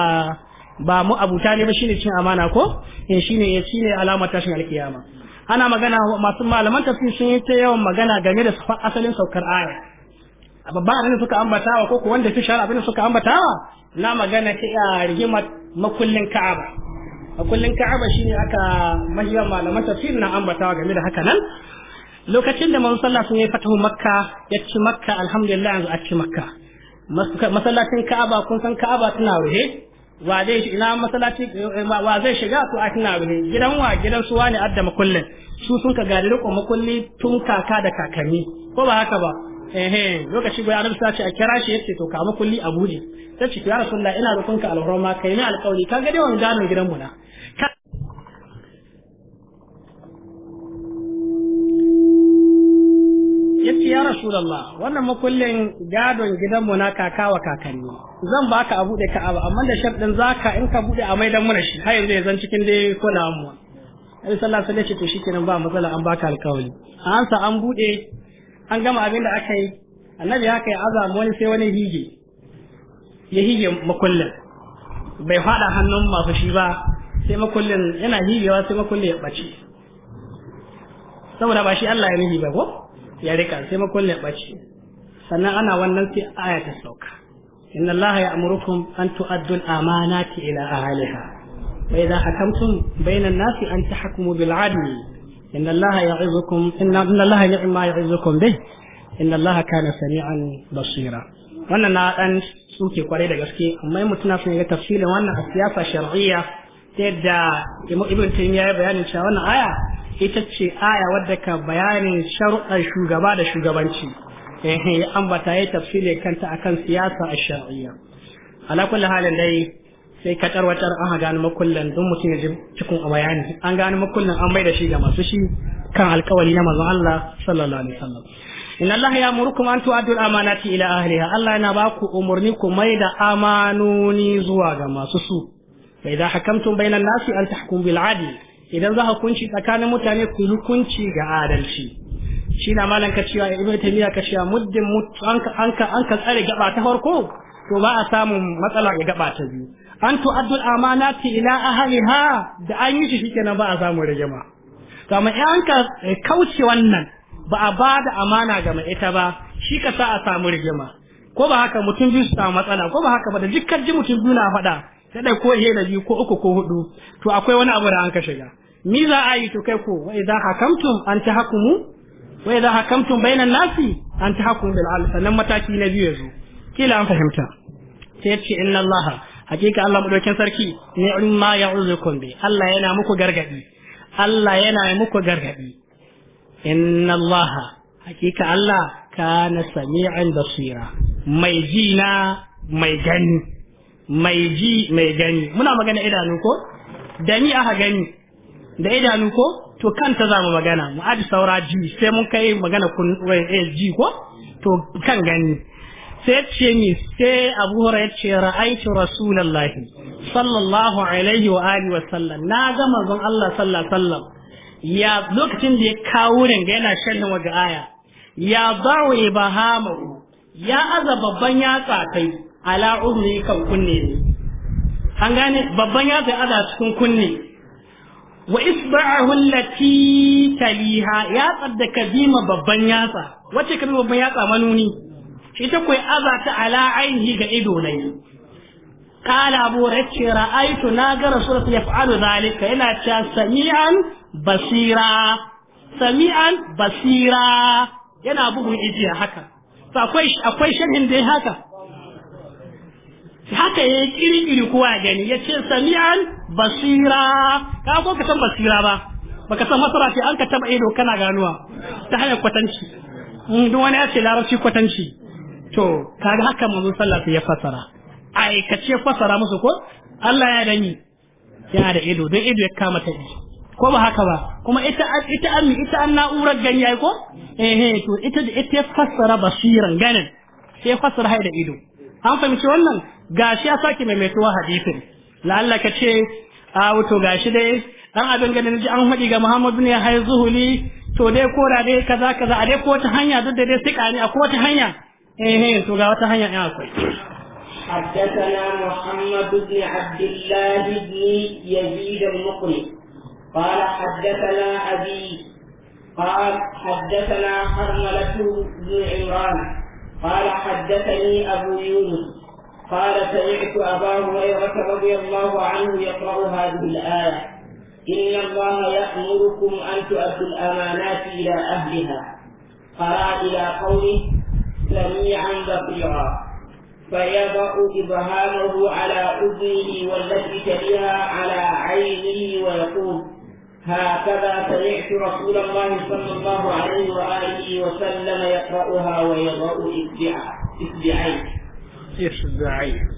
ba mu abuta ne ba shine cin amana ko in eh, shine ya shine alamar tashin alkiyama ana magana masu malaman tafsir sun yi ta yawan magana game da asalin saukar aya a babban abin da suka ambatawa ko wanda fi shara abin da suka ambatawa na magana ta iya rigimar makullin ka'aba makullin ka'aba shine aka mahiyar malaman tafsir na ambatawa game da haka nan lokacin da manzo sallah sun yi fatahu makka ya ci makka alhamdulillah yanzu a ci makka masallacin ka'aba kun san ka'aba tana ruhe wa zai ina masallaci wa zai shiga ko a tana ruhe gidan wa gidan su wani addama makullin su sun ka gari riko makulli tun kaka da kakanni ko ba haka ba ehe lokaci bai annabi sace a kira shi yace to ka makulli a buɗe sai ce ya rasulullah ina rukunka alhurma kai ne alƙawari kaga dai wannan gidan mu na yace ya rasulullah wannan makullin gadon gidanmu na kaka wa kakanni zan baka abu da ka'aba amma da sharɗin zaka in ka bude a maidan muna shi har yanzu ya zan cikin da ya kula mu Annabi sallallahu alaihi wasallam ya ce to ba matsala an baka alƙawari an sa an bude an gama abin da aka yi annabi haka ya azama wani sai wani hige ya hige makullin bai fada hannun masu shi ba sai makullin yana higewa sai makullin ya ɓace saboda ba shi Allah ya nuhi ba ko ya rika sai makullin ɓace sannan ana wannan sai aya ta sauka inna allaha ya'murukum an tu'addu al-amanati ila ahliha wa idha hakamtum bayna an-nasi an tahkumu bil 'adli inna allaha ya'izukum inna allaha ni'ma ya'izukum bih inna allaha kana sami'an basira wannan na dan suke kwarai da gaske amma mutum na son ya ga wannan a siyasa shar'iyya ta yadda ibn taymiya ya bayani cewa wannan aya ita ce aya wadda ka bayanin sharuɗan shugaba da shugabanci eh ambata ya tafsiri kanta akan siyasa a shar'iyya ala kulli halin dai sai ka tarwatar an gano makullan don mutum ya ji cikin a bayani an gano makullan an bai da shi ga masu shi kan alkawari na manzon Allah sallallahu alaihi wasallam in Allah ya murukum an tu'addu amanati ila ahliha Allah yana baku umurni ku mai da amanoni zuwa ga masu su fa idza hakamtum bainan idan za kunci tsakanin mutane ku hukunci ga adalci shi na malan ka cewa ibn miya ka cewa muddin an ka tsare gaba ta farko to ba a samun matsala ga gaba ta biyu an ina amanati ila ahliha da an yi shi kenan ba a samu rigima to amma an ka eh, kauce wannan ba a ba da amana ga mai ita ba shi ka sa a samu rigima ko ba haka mutum biyu su samu matsala ko ba haka ba da jikar ji mutum biyu na faɗa ta ko da biyu ko uku ko hudu to akwai wani abu da an ka shiga mi za a yi to kai ko wa idza hakamtum an ta tahkumu wa idza hakamtum bainan nasi an ta tahkumu bil adl sannan mataki na biyu yazo kila an fahimta Ta ya inna allaha hakika Allah madaukin sarki in ni'ma ya'uzukum bi Allah yana muku gargadi Allah yana muku gargadi inna allaha hakika Allah kana sami'an basira mai ji na mai gani mai ji mai gani muna magana idanu ko da ni aka gani da idanu ko to kanta za mu magana mu aji saura ji sai mun kai magana kun eh, ji ko to kan gani sai ce ni sai abu hura ya ce ra'aitu Rasulullahi sallallahu alaihi wa alihi wa sallam na ga manzon Allah sallallahu sallam ya lokacin da ya kawo ran ga yana shannin waga aya ya ba'u ibahamu ya aza babban yatsa kai ala umri kan kunne ne an gane babban yatsa aza cikin kunne wa isba'ahu allati taliha ya tsadda kadima babban yatsa wace kadima babban yatsa manuni ita koyi azata ala ainihi ga ido ne qala abu race ra'aitu na ga rasul ya fa'alu zalika yana ta sami'an basira sami'an basira yana bugun ijiya haka akwai akwai shan da haka haka ya yi kiri-kiri kowa gani ya ce samiyan basira ka ko ka san basira ba baka san masara ce an ka taba ido kana ganuwa ta hanyar kwatanci mm, duk wani ya ce larabci kwatanci to kaga haka mazu sallallahu ya fasara aikace fasara musu ko Allah ya dani yana da ido don ido ya kama ta ko ba haka ba kuma ita ita an ita an na'urar ganyaye ko eh eh to ita da ita fasara basiran ganin sai fasara hai da ido an fahimci wannan gashi a sake maimaituwa hadisin la'alla ka ce a wato gashi dai dan abin ganin ji an haɗi ga Muhammadu ne hai zuhuli to dai ko da dai kaza kaza a dai ko wata hanya duk da dai sika ne a ko wata hanya eh eh to ga wata hanya ina akwai حدثنا محمد بن عبد الله بن يزيد المقري قال حدثنا أبي قال حدثنا حرملة بن عمران قال حدثني أبو يونس قال سمعت أبا هريرة رضي الله عنه يقرأ هذه الآية إن الله يأمركم أن تؤدوا الأمانات إلى أهلها قرأ إلى قوله سميعا بصيرا فيضع إبهامه على أذنه والتي تليها على عينه ويقول هكذا سمعت رسول الله صلى الله عليه وآله وسلم يقرأها ويضع إتبعيه إتبعيه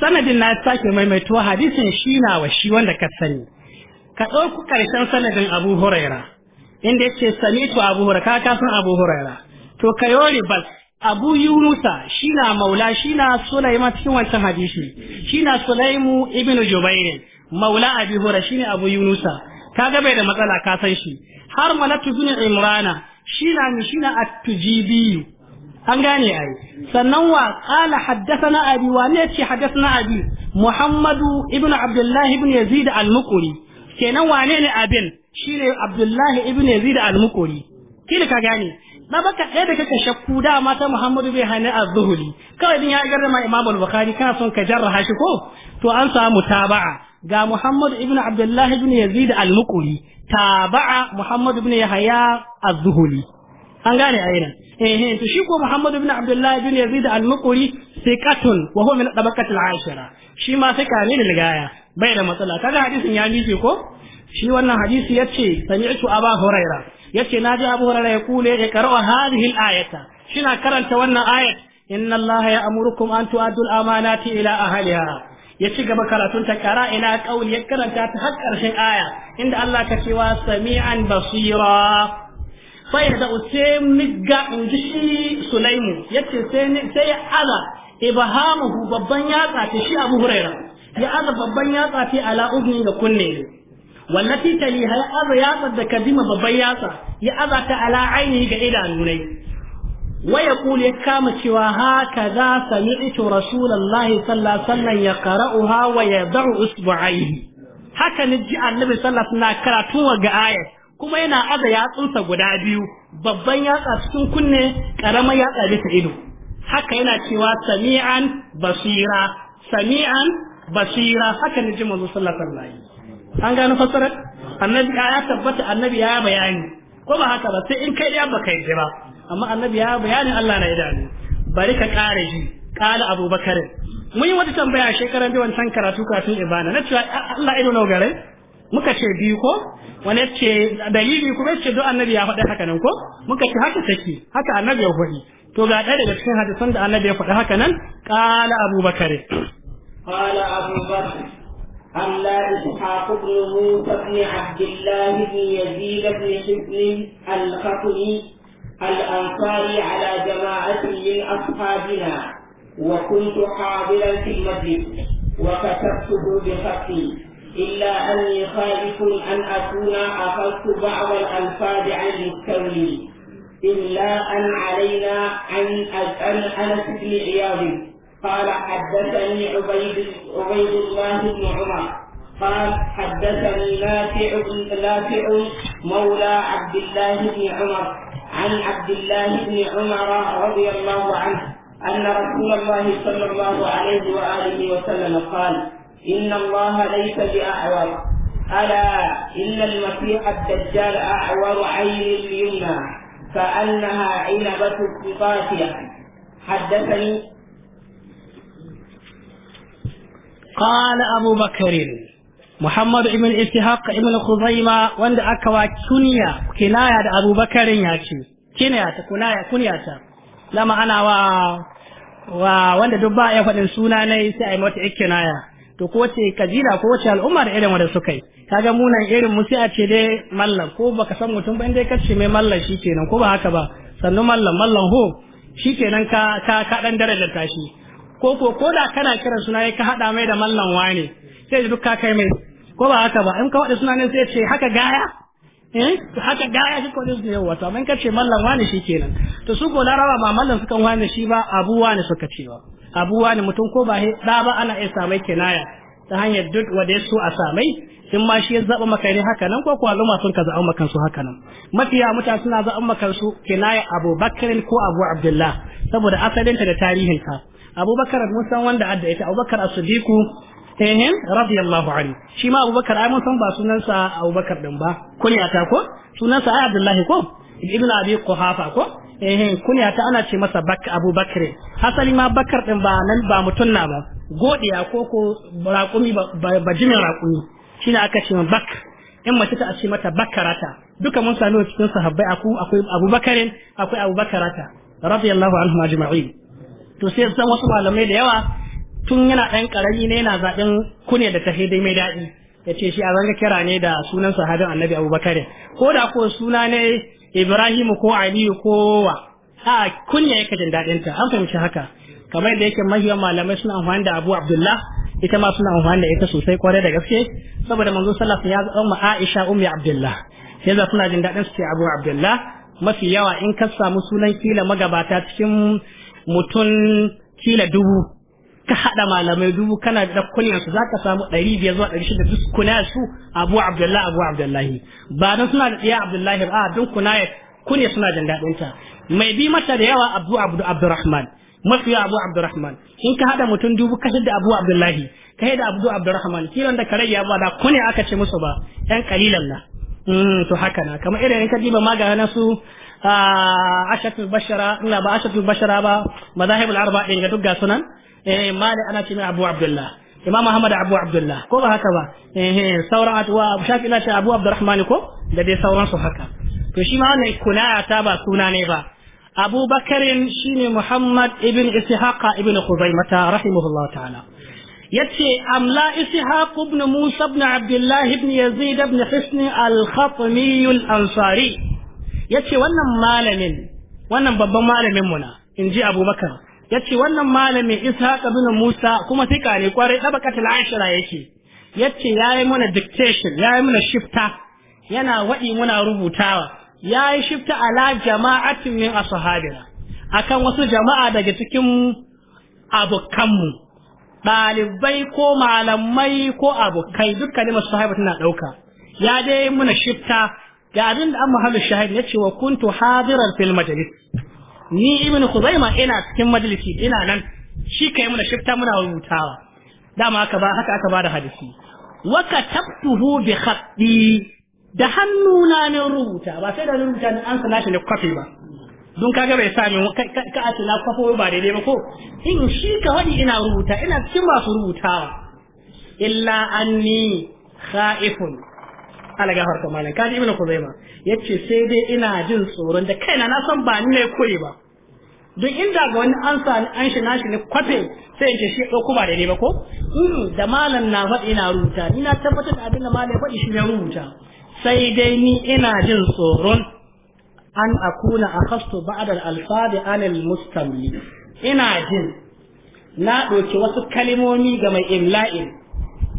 sanadin na sake maimaituwa hadisin shi na wa shi wanda ka sani ka ɗauku ƙarshen sanadin abu huraira inda yace to abu huraira ka kasan abu huraira to ka yori bas abu yunusa shi na maula shi na sulaiman cikin wancan hadisi shi na sulaimu ibnu jubairin maula abi hura shine abu yunusa kaga bai da matsala ka san shi har malatu bin imrana shi na ni shi na at-tujibi an gane ai sannan wa qala haddathana abi wa ne ce haddathana abi muhammadu ibnu abdullahi ibn yazid al-muqri kenan wane ne abin shine abdullahi ibn yazid al-muqri kila ka gane na baka ɗaya da kake shakku da mata Muhammadu bai hani az-zuhuli kawai din ya garra ma Imam al-Bukhari kana son ka jarra shi ko to an samu taba'a ga Muhammad ibn Abdullah ibn Yazid al-Muqri taba'a Muhammad ibn Yahya az-Zuhuli an gane aina eh eh to shi ko Muhammad ibn Abdullah ibn Yazid al-Muqri thiqatun wa huwa min tabaqat al-ashira shi ma sika ne da ligaya bai da matsala kaga hadisin ya miƙe ko shi wannan hadisi yace sami'tu abu Huraira yace naji Abu Huraira ya kule ya karo hadhihi al-ayata na karanta wannan ayat inna Allah ya amurukum an tu'addu al-amanati ila ahliha ya ci gaba karatun ta kara ila ya karanta ta har karshen aya inda Allah ka cewa sami'an basira sai da uce migga in ji shi Sulaimu yace ce sai ya ala ibhamuhu babban yatsa ta shi Abu Huraira ya aza babban yatsa ta ala udni ga kunne wallati taliha ya aza yatsa da kadima babban yatsa ya aza ta ala ainihi ga idanunai Waya ya kama cewa haka سوى هكذا سمعت رسول الله صلى الله عليه وسلم يقرأها ويضع إصبعيه haka ni ji annabi sallallahu na wasallam karatu wa ga ayat kuma yana aza yatsunsa guda biyu babban yatsa cikin kunne karamar yatsa bisa ido haka yana cewa sami'an basira sami'an basira haka ni ji manzo sallallahu alaihi wasallam an gano fasara annabi ya tabbata annabi ya bayani ko ba haka ba sai in kai ya baka yi ba amma annabi ya bayanin Allah na idanu bari ka kare shi kala abubakar mun yi wata tambaya shekaran biyu wancan karatu kafin ibana na cewa Allah ido nawa gare muka ce biyu ko wani ce dalili kuma ce do annabi ya faɗi haka nan ko muka ce haka take haka annabi ya faɗi to ga ɗaya daga cikin hadisan da annabi ya faɗi haka nan kala abubakar kala أبو بكر أما إسحاق بن موسى بن عبد الله بن يزيد بن حزن الأنصار على جماعة من أصحابنا وكنت حاضرا في المسجد وكتبته بخطي إلا أني خائف أن أكون أخذت بعض الألفاظ عن المستولي إلا أن علينا أن أن أنس بن عياضي قال حدثني عبيد عبيد الله بن عمر قال حدثني نافع نافع مولى عبد الله بن عمر عن عبد الله بن عمر رضي الله عنه أن رسول الله صلى الله عليه وآله وسلم قال إن الله ليس بأعور ألا إن المسيح الدجال أعور عين اليمنى فأنها عنبة قاسية حدثني قال أبو بكر Muhammadu ibn Ishaq ibn Khuzaima wanda aka wa kuniya kinaya da Abu Bakarin ya ce kinaya ta kunaya kunya ta lama ana wa wa wanda duk ba ya faɗin suna ne sai ai mata kinaya to ko ce kajira ko ce al'ummar irin wanda suka yi kaga munan irin mu sai a ce dai mallam ko baka san mutum ba indai kace mai mallam shikenan ko ba haka ba sannu mallam mallam ho shikenan ka ka ka dan darajar tashi ko ko ko da kana kiran suna ka hada mai da mallam wane sai duk ka kai mai ko ba haka ba in ka waɗi suna sai ce haka gaya eh haka gaya shi kwaɗi su ne yau wata amma in ka ce mallan wani shi kenan to su ko laraba ba mallan sukan wani shi ba abu wani suka ce ba abu wani mutum ko ba da ba ana iya samai kinaya ta hanyar duk wanda su a samai in ma shi ya zaɓa maka ne haka nan ko kuwa luma sun ka zaɓa maka su haka nan mafiya mutane suna zaɓa maka su kinaya abubakar ko abu abdullah saboda asalinta da tarihinka abubakar mun wanda adda ita abubakar a siddiq ehem radiyallahu anhu shi ma abubakar ai mun san ba sunansa abubakar din ba kunyata ko sunansa ai abdullahi ko ibn abi quhafa ko ehem kunyata ana ce masa bak abubakar hasali ma bakar din ba nan ba mutun na ba godiya ko ko raƙumi ba jimin raƙumi shine aka ce bak in mace ta ce mata bakarata duka mun sami cikin sahabbai akwai abubakarin akwai abubakarata radiyallahu anhu majma'in to sai san wasu malamai da yawa tun yana ɗan ƙarami ne yana zaɓen kune da tafi dai mai daɗi ya ce shi a zanga kira ne da sunan sahabin annabi abubakar ko da ko suna ne ibrahimu ko aliyu ko wa a kunya yake jin daɗin ta an fahimci haka kamar da yake mahiyar malamai suna amfani da abu abdullah ita ma suna amfani da ita sosai kwarai da gaske saboda manzo sallafin ya zaɓa ma aisha ummi abdullah sai za suna jin daɗin su ce abu abdullah mafi yawa in ka samu sunan kila magabata cikin mutum kila dubu ka hada malamai dubu kana da kunyan su zaka samu ɗari biyar zuwa ɗari shida duk kuna su abu abdullahi abu abdullahi ba don suna da ɗiya abdullahi ba don kuna kunya suna jin daɗinta mai bi mata da yawa abu abdu abdurrahman mafiya abu abdurrahman in ka hada mutum dubu ka da abu abdullahi ka da abu abdurrahman kiran da kare ya ba da kunya aka ce musu ba yan kalilan na mm, to haka na kamar irin ka diba na su ah, ashatul bashara ina ba ashatul bashara ba mazahibul arba din ga duk ga sunan eh malik ana ce mai abu abdullah imam ahmad abu abdullah ko ba haka ba eh, eh sauran atwa abu shafi na ce abu abdurrahman ko da dai sauransu haka to shi ma wannan kunaya ta ba suna ne ba abu bakarin shine muhammad ibn ishaqa ibn khuzaimata rahimahullah ta'ala yace amla ishaq ibn musa ibn abdullah ibn yazid ibn hisn al-khatmi al-ansari yace wannan malamin wannan babban malamin mu na inji abubakar yace wannan malamin isa ibn Musa kuma tika ne kwarai dabakatul ashira yake yace yayi mana dictation yayi mana shifta yana waɗi muna rubutawa yayi shifta ala jama'atin min ashabina akan wasu jama'a daga cikin abokanmu ɗalibai ko malamai ko abokai dukkanin masu sahaba tana ɗauka ya dai muna shifta ga abin da an muhallu shahid ya ce wa kuntu hadiran fil majalis ni ibn khuzaima ina cikin majalisi ina nan shi kai muna shifta muna rubutawa dama haka ba haka aka bada hadisi wa katabtuhu bi khatti da hannuna ne rubuta ba sai da rubuta ne an sana shi ne kwafi ba don kaga bai sami ka a tuna kwafo ba daidai ba ko in shi ka wani ina rubuta ina cikin masu rubutawa illa anni khaifun ala gafar malam kaji ibnu kuzaima yace sai dai ina jin tsoron da kaina na san ba ni ne koyi ba duk inda ga wani an sa an shi nashi ne kwafe sai in ce shi ɗauko ba daidai ba ko da malam na faɗi na rubuta ni na tabbatar da abin da malam ya faɗi shi ya rubuta sai dai ni ina jin tsoron an akuna akhastu ba'da al-alfadi an mustamli ina jin na ɗauki wasu kalimomi ga mai imla'i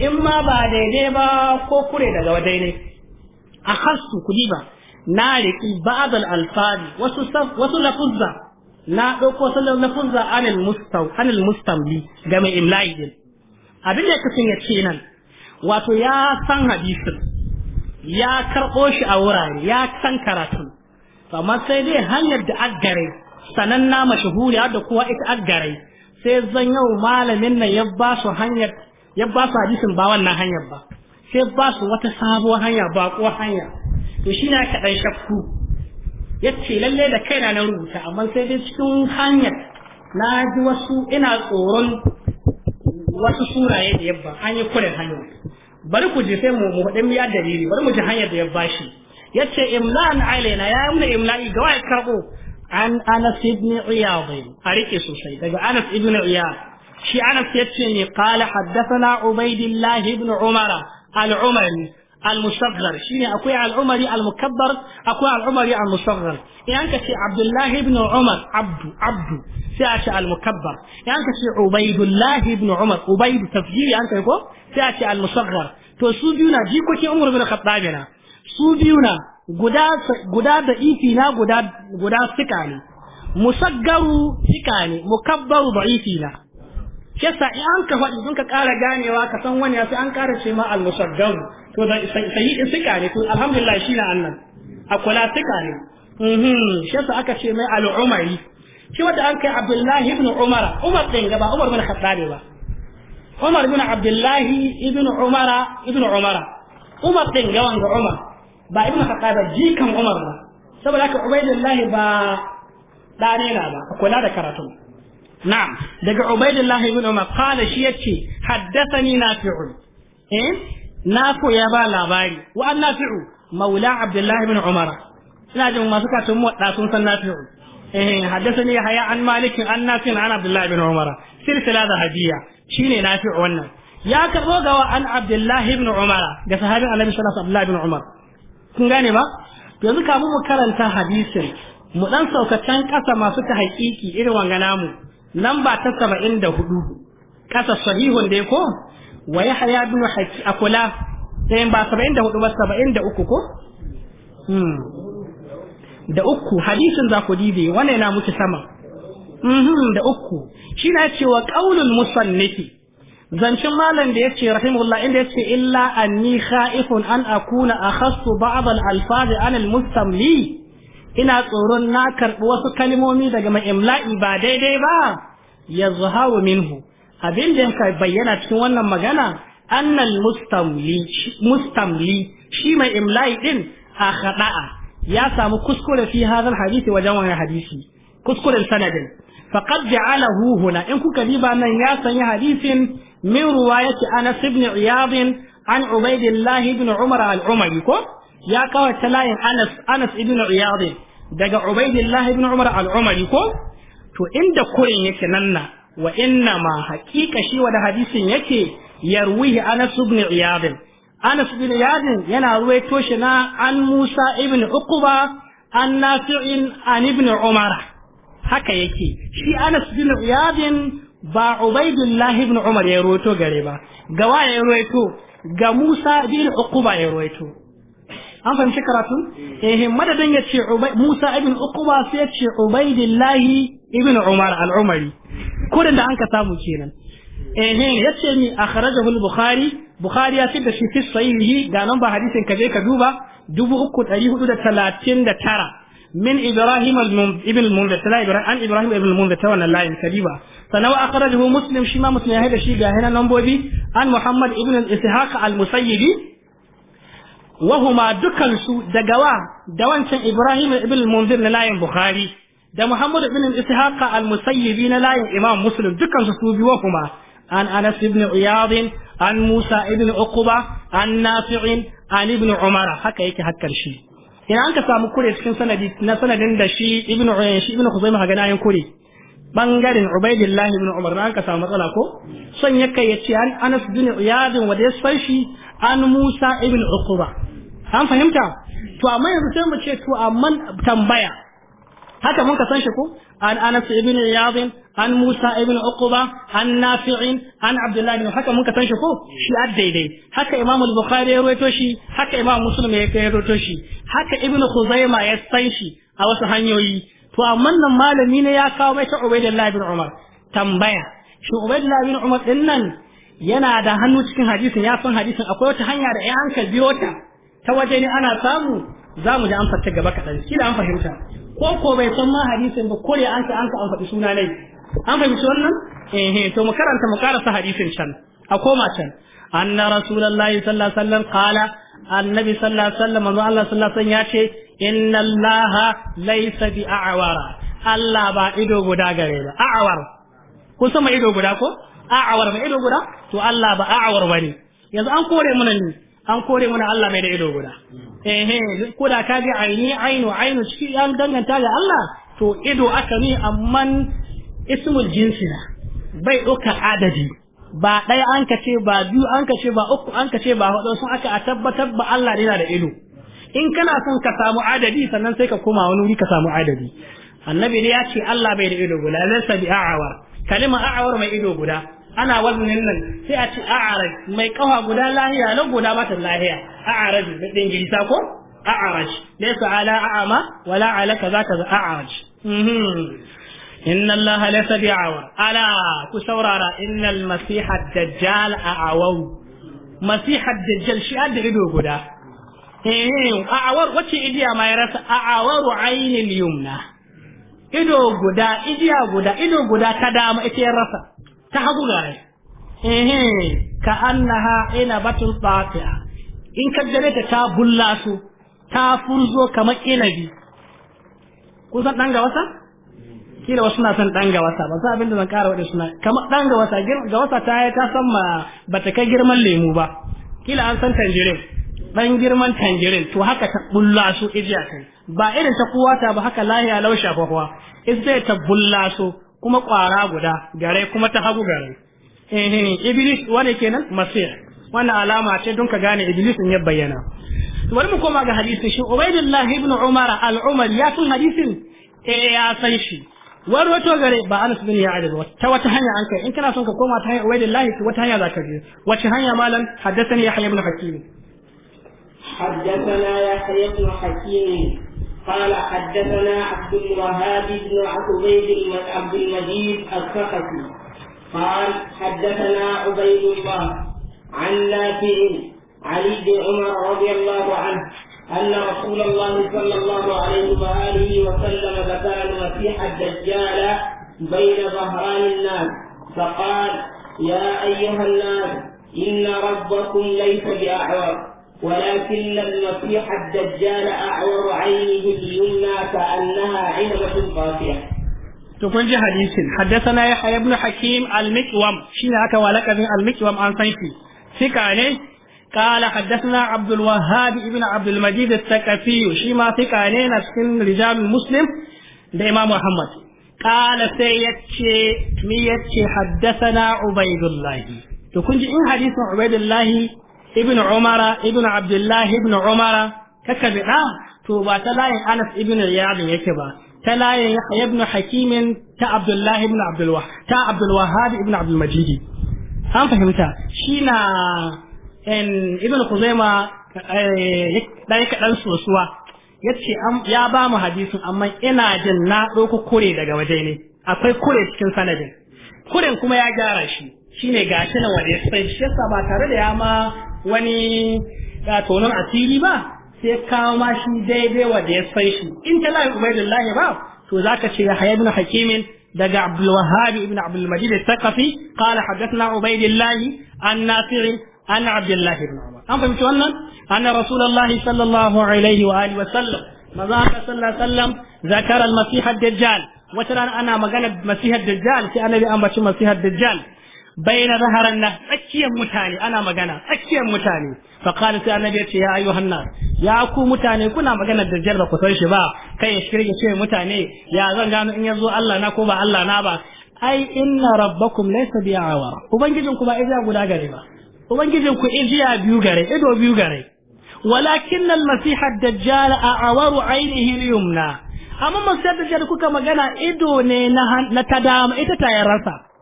in ma ba daidai ba ko kure daga ne. akhastu kudi ba na riƙi ba'da al wasu wasu lafuzza na ɗauko sallar na funza anil mustaw anil mustamli ga mai imla'i din abin da kasan ya ce nan wato ya san hadisin ya karɓo shi a wurare ya san karatu amma sai dai hanyar da agare sanan na mashahuri da kowa ita agare sai zan yau malamin nan ya ba su hanyar ya ba su hadisin ba wannan hanyar ba sai ba su wata sabuwar hanya ba ko hanya to shi na kaɗan shakku yace lalle da kaina na rubuta amma sai dai cikin hanyar na ji wasu ina tsoron wasu suraye da yabba an yi kuren hanyar bari ku je sai mu mu faɗin ya dalili bari mu ji hanyar da ya bashi yace imla'an alaina ya yi imla'i ga wai karɓo? an Anas ibn Iyad a rike sosai daga Anas ibn Iyad shi Anas yace ne qala haddathana Ubaidillah ibn Umar al-Umari al shine akwai al-umari al-mukabbar akwai al-umari al-musaghar idan ka abdullahi ibn umar abdu abdu sai a ce al-mukabbar ibn umar ubaidu tafjiri an kai ko a ce to su biyu na biyuna umar bin khattabi guda da guda guda ne musaggaru sika ne mukabbaru da'ifi na shi yasa in an ka faɗi sun ka ƙara ganewa ka san wani sai an ƙara ce ma al-musaggam to sai sayi sika ne to alhamdulillah shi na annan kula sika ne mhm shi yasa aka ce mai al-umari shi wanda an kai abdullahi ibn umara umar ɗin gaba umar bin khattab ba umar bin abdullahi ibn umara ibn umara umar ɗin gawan ga umar ba ibn khattab jikan umar ba saboda haka ubaidullahi ba dane na ba kula da karatu na'am daga عبيد الله Umar عمر shi yace حدثني نافع eh Nafu ya ba labari wa نافع maula عبد الله Umar ina jin masu katun mu لا sun نافع Nafi'u eh haddathani Yahya an Malik an Nafi' an Abdullah ibn Umar silsila da hadiya shine Nafi'u wannan ya karbo ga an Abdullah ibn Umar da النبي صلى الله عليه ibn Umar kun gane ba yanzu kamun mu karanta hadisin mu dan saukatan kasa masu ta haƙiƙi irin wanga namu nan ba ta saba'in da hudu kasa sahihun dai ko wa ya haya bin haki a kula ta ba saba'in da hudu ba saba'in da uku ko hmm. da uku hadisin za ku dibe wannan yana muke sama hmm, da uku shi na cewa ƙaunin musannifi zancen malam da ya ce rahimullah inda ya ce illa anni kha'ifun an akuna akhassu ba'd al-alfaz an al-mustamli ina tsoron na karɓi wasu kalmomi daga mai imla'i ba daidai ba ya zuhawu minhu abin da ka bayyana cikin wannan magana annal mustamli shi mai imla'i din a khada'a ya samu kuskure fi hadal hadisi wajen wani hadisi kuskuren sanadin faqad ja'alahu huna in kuka diba nan ya sanya hadisin min ruwayati Anas ibn Iyad an Ubaidillah ibn Umar al-Umari ko ya kawo ta layin Anas Anas ibn Iyad daga Ubaydillah ibn Umar al-Umari ko to inda kurin yake nan na wa inna ma haqiqa shi wa da hadisin yake yarwihi Anas ibn Iyad Anas ibn Iyad yana ruwaito shi na an Musa ibn Uqba an Nafi'in an ibn Umar haka yake shi Anas ibn Iyad ba Ubaydillah ibn Umar ya ruwaito gare ba gawa ya ruwaito ga Musa ibn Uqba ya ruwaito an fahimci karatu eh madadin ya ce Musa ibn Uqba sai ya ce ibn Umar al-Umari kodin da anka samu kenan eh ya ce ni akhrajahu al-Bukhari Bukhari ya fitta shi fi sahihi ga nan ba hadisin ka je ka duba 3439 من إبراهيم ابن المنذر عن إبراهيم ابن المنذر تولى الله wahuma dukansu da wa da wancan Ibrahim ibn Munzir na layin Bukhari da Muhammad ibn Ishaqa al-Musayyibi na layin Imam Muslim dukansu su biyu wahuma an Anas ibn Iyad an Musa ibn Ukuba, an Nafi' an ibn Umar haka yake hakkar shi ina an ka samu kure cikin sanadi na sanadin da shi ibn shi ibn Khuzaimah kure bangaren Ubaidillah ibn Umar na ka samu matsala ko son yake yace an Anas bin Iyadin wanda ya san an Musa ibn Uqba an fahimta to amma yanzu sai mu ce to amma tambaya haka mun ka san shi ko an Anas ibn Iyadin an Musa ibn Uqba an Nafi'in an Abdullah ibn haka mun ka san shi ko shi daidai haka Imam al-Bukhari ya rawaito shi haka Imam Muslim ya rawaito shi haka Ibn Khuzaimah ya san shi a wasu hanyoyi to amma nan malami ne ya kawo mai ta Ubaidullah bin Umar tambaya shin Ubaidullah bin Umar din nan yana da hannu cikin hadisin ya san hadisin akwai wata hanya da ai an ka biyo ta ta waje ne ana samu za mu ji an ta gaba kaɗan da an fahimta ko ko bai san ma hadisin ba ko da an ka an ka an faɗi suna ne an fahimci wannan eh to mu karanta mu karasa hadisin can a koma can anna rasulullahi sallallahu alaihi wasallam qala annabi sallallahu alaihi wasallam manzo Allah sallallahu alaihi wasallam ya ce inna allaha laysa bi a'wara Allah ba ido guda gare ba a'war kun sama ido guda ko a'war ba ido guda to Allah ba a'war bane yanzu an kore mana ne an kore mana Allah bai da ido guda eh eh ko da ka ji aini ainu ainu shi an danganta ga Allah to ido aka ni amma ismul jinsi na bai doka adadi ba ɗaya an ka ce ba biyu an ka ce ba uku an ka ce ba hudu sun aka a tabbatar ba Allah yana da ido in kana son ka samu adadi sannan sai ka koma wani wuri ka samu adadi annabi ne ya ce Allah bai da ido guda laysa bi a'awar kalima a'awar mai ido guda ana wazinin nan sai a ce a'ara mai kafa guda lahiya na guda mata lahiya a'ara da ta ko a'araj laysa ala a'ama wala ala kaza kaza a'ara mhm. inna allaha laysa bi'awa ala ku saurara innal masiha dajjal a'awu masiha dajjal shi da ido guda eh a'awar wacce igiya ma ya rasa a'awaru ainil yumna ido guda igiya guda ido guda ta dama ita ya rasa ta hagu gare eh ka annaha ina batul fatiha in ka gare ta ta bullasu ta furzo kamar inabi kun san dan gawasa kila wasu na san dan gawasa ba sai abin da zan kara wadai suna kamar dan gawasa gawasa ta yi ta san ma ta kai girman lemu ba kila an san tanjirin Ɗan girman tangirin to haka ta bulla su ijiya kai ba irin ta kowa ba haka lahiya lausha kwakwa ita ta bulla su kuma kwara guda gare kuma ta hagu gare eh iblis wani kenan masir wannan alama ce don ka gane iblis in ya bayyana bari mu koma ga hadisin shi ubaidullah ibn umar al-umar ya san hadisin eh ya san shi wani wato gare ba anas bin ya adad ta wata hanya an kai in kana son ka koma ta hanya ubaidullah wata hanya zaka je wace hanya malam haddathani yahya ibn hakim حدثنا يحيى بن حكيم قال حدثنا عبد الوهاب بن عبيد عبد المجيد الثقفي قال حدثنا عبيد الله عن نافع علي بن عمر رضي الله عنه أن رسول الله صلى الله عليه وآله وسلم ذكر المسيح الدجال بين ظهران الناس فقال يا أيها الناس إن ربكم ليس بأعور ولكن المسيح الدجال أعور عينه اليمنى كأنها عنبة قاسية تكون جي حديث حدثنا يحيى بن حكيم المكوم شين هكا ولك المكوم عن صيفي ثقة عليه قال حدثنا عبد الوهاب ابن عبد المجيد الثقفي شيما ثقة عليه نسكن رجال مسلم لإمام محمد قال سيتشي ميتشي حدثنا عبيد الله تكون جي إن حديث عبيد الله ibn umara ibn abdullah ibn umara kaka bida to ba ta layin anas ibn iyad yake ba ta layin yahya ibn Hakimin ta abdullah ibn abdul ta abdul ibn abdul majid an fahimta shi na ibn khuzaima dai eh, kadan sosuwa yace ya ba mu hadisin amma ina jin na ɗauko kure daga waje ne akwai kure cikin sanadin kuren kuma ya gyara shi shine gashi nan wanda ya sai shi ba tare da ya ma wani ah, tonon asiri ba sai kawo ma shi daidai wa da ya sai shi in ta lahi ubaidullahi ba to zaka ce ya hayya ibn hakimin daga abdul wahhab ibn abdul majid al-thaqafi qala hadathna ubaidullahi an nafi' an abdullah ibn umar an fahimci wannan anna rasulullahi sallallahu alaihi wa alihi wa sallam maza ka sallallahu sallam zakara al-masih ad-dajjal wata ana magana masih ad-dajjal sai annabi ambaci masih ad-dajjal baina zaharan nas tsakiyar mutane ana magana tsakiyar mutane fa qala sai annabi ya ce ya ayyuhan nas ya ku mutane kuna magana da jarra ku san shi ba kai ya shirye ce mutane ya zan gano in yazo Allah na ko ba Allah na ba ai inna rabbakum laysa bi'awara ubangijin ku ba ijiya guda gare ba ubangijin ku ijiya biyu gare ido biyu gare walakin al-masih ad-dajjal a'awaru 'ainihi al-yumna amma masih ad-dajjal kuka magana ido ne na ta dama ita ta yarasa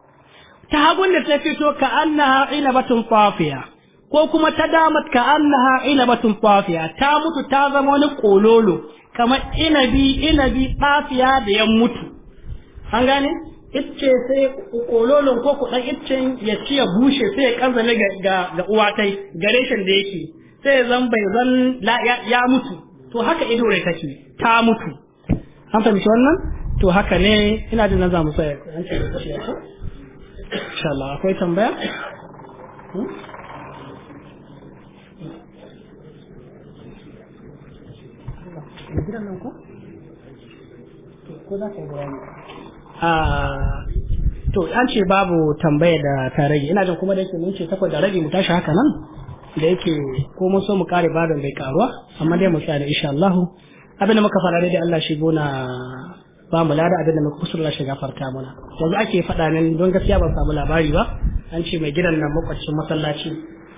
ta hagun da ta fito ka annaha inabatun fafiya ko kuma ta damat ka annaha inabatun fafiya ta mutu ta zama wani kololo kamar inabi inabi fafiya da ya mutu an gane icce sai kololon ko kudan iccen ya ci ya bushe sai ya kanzale ga ga reshen gareshin da yake sai ya zan bai zan ya mutu to haka ido rai take ta mutu an fahimci wannan to haka ne ina jin na za mu tsaya insha Allah akwai tambaya hmm? ah, to an ce babu tambaya da tarayi ina jin kuma da yake mun ce takwas da rabi mu tashi haka nan da yake ko mun so mu kare babin bai karuwa amma dai mu tsaya da insha Allah abinda muka fara da Allah shi gona ba mu lada abin da muka kusur lashe gafarta muna yanzu ake faɗa nan don gaskiya ban samu labari ba an ce mai gidan nan makwacin masallaci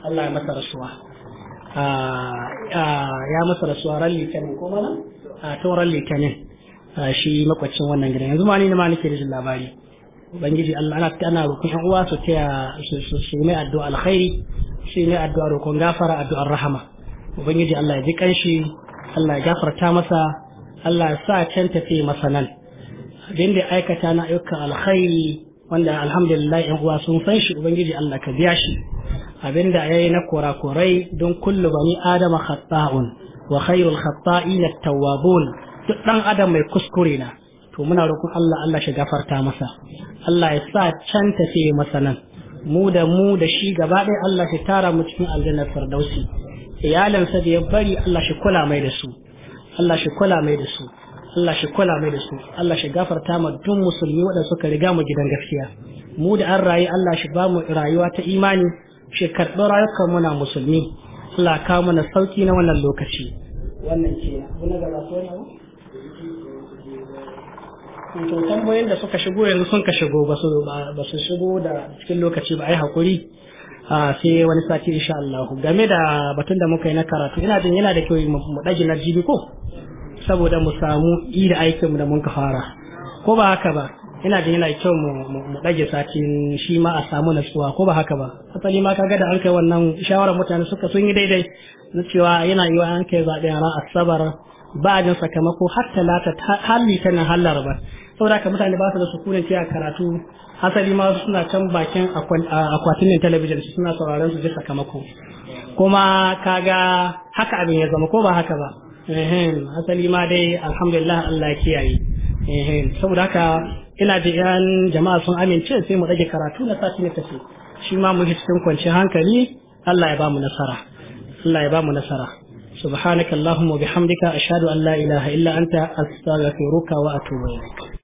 Allah ya masa rasuwa ah, ah, ya masa rasuwa ran litinin ko mana a ah, tauran litinin shi makwacin wannan gidan yanzu ma ni ma nake da jin labari ubangiji Allah ana ana roƙon ƴan uwa su taya su mai addu'a alkhairi shi ne addu'a roƙon gafara addu'ar rahama ubangiji Allah ya ji kanshi Allah ya gafarta masa Allah ya sa can tafi masa nan abin da aikata na ayyukan alkhairi wanda alhamdulillah yan uwa sun san shi ubangiji Allah ka biya shi abin da yayi na kurakurai don kullu bani adama khata'un wa khairul khata'ina tawwabun duk dan adam mai kuskure na to muna roƙon Allah Allah shi gafarta masa Allah ya sa can tafi masa nan mu da mu da shi gaba ɗaya Allah shi tara mu cikin aljannar firdausi iyalansa da ya bari Allah shi kula mai da su Allah shi kula mai da su Allah shi kula mai da su Allah shi gafarta ma duk musulmi waɗanda suka riga mu gidan gaskiya mu da an rayu Allah shi ba mu rayuwa ta imani shi karɓi rayukan muna musulmi Allah ka mana sauki na wannan lokaci wannan ce na gaba so ne to tambayoyin da suka shigo yanzu sun ka shigo ba su ba su shigo da cikin lokaci ba ai hakuri a sai wani sati insha Allah game da batun da muka yi na karatu ina jin yana da kyau mu dage na jibi ko saboda mu samu yi da aikin da mun ka fara ko ba haka ba ina da yana kyau mu ɗage sati shi ma a samu nasuwa ko ba haka ba asali ma kaga da an kai wannan shawarar mutane suka sun yi daidai na cewa yana yiwa an kai zaɓe a asabar ba a jin sakamako har talata hali tana hallar ba saboda haka mutane ba su da sukunin a karatu asali ma suna can bakin akwatin talabijin suna sauraron su ji sakamako kuma kaga haka abin ya zama ko ba haka ba ehem asali ma dai alhamdulillah Allah kiyaye ehem saboda haka ina da yan jama'a sun amince sai mu rage karatu na sati na tafi shi ma mu cikin kwanciyar hankali Allah ya ba mu nasara Allah ya ba mu nasara subhanakallahumma bihamdika ashhadu an la ilaha illa anta astaghfiruka wa atubu ilaik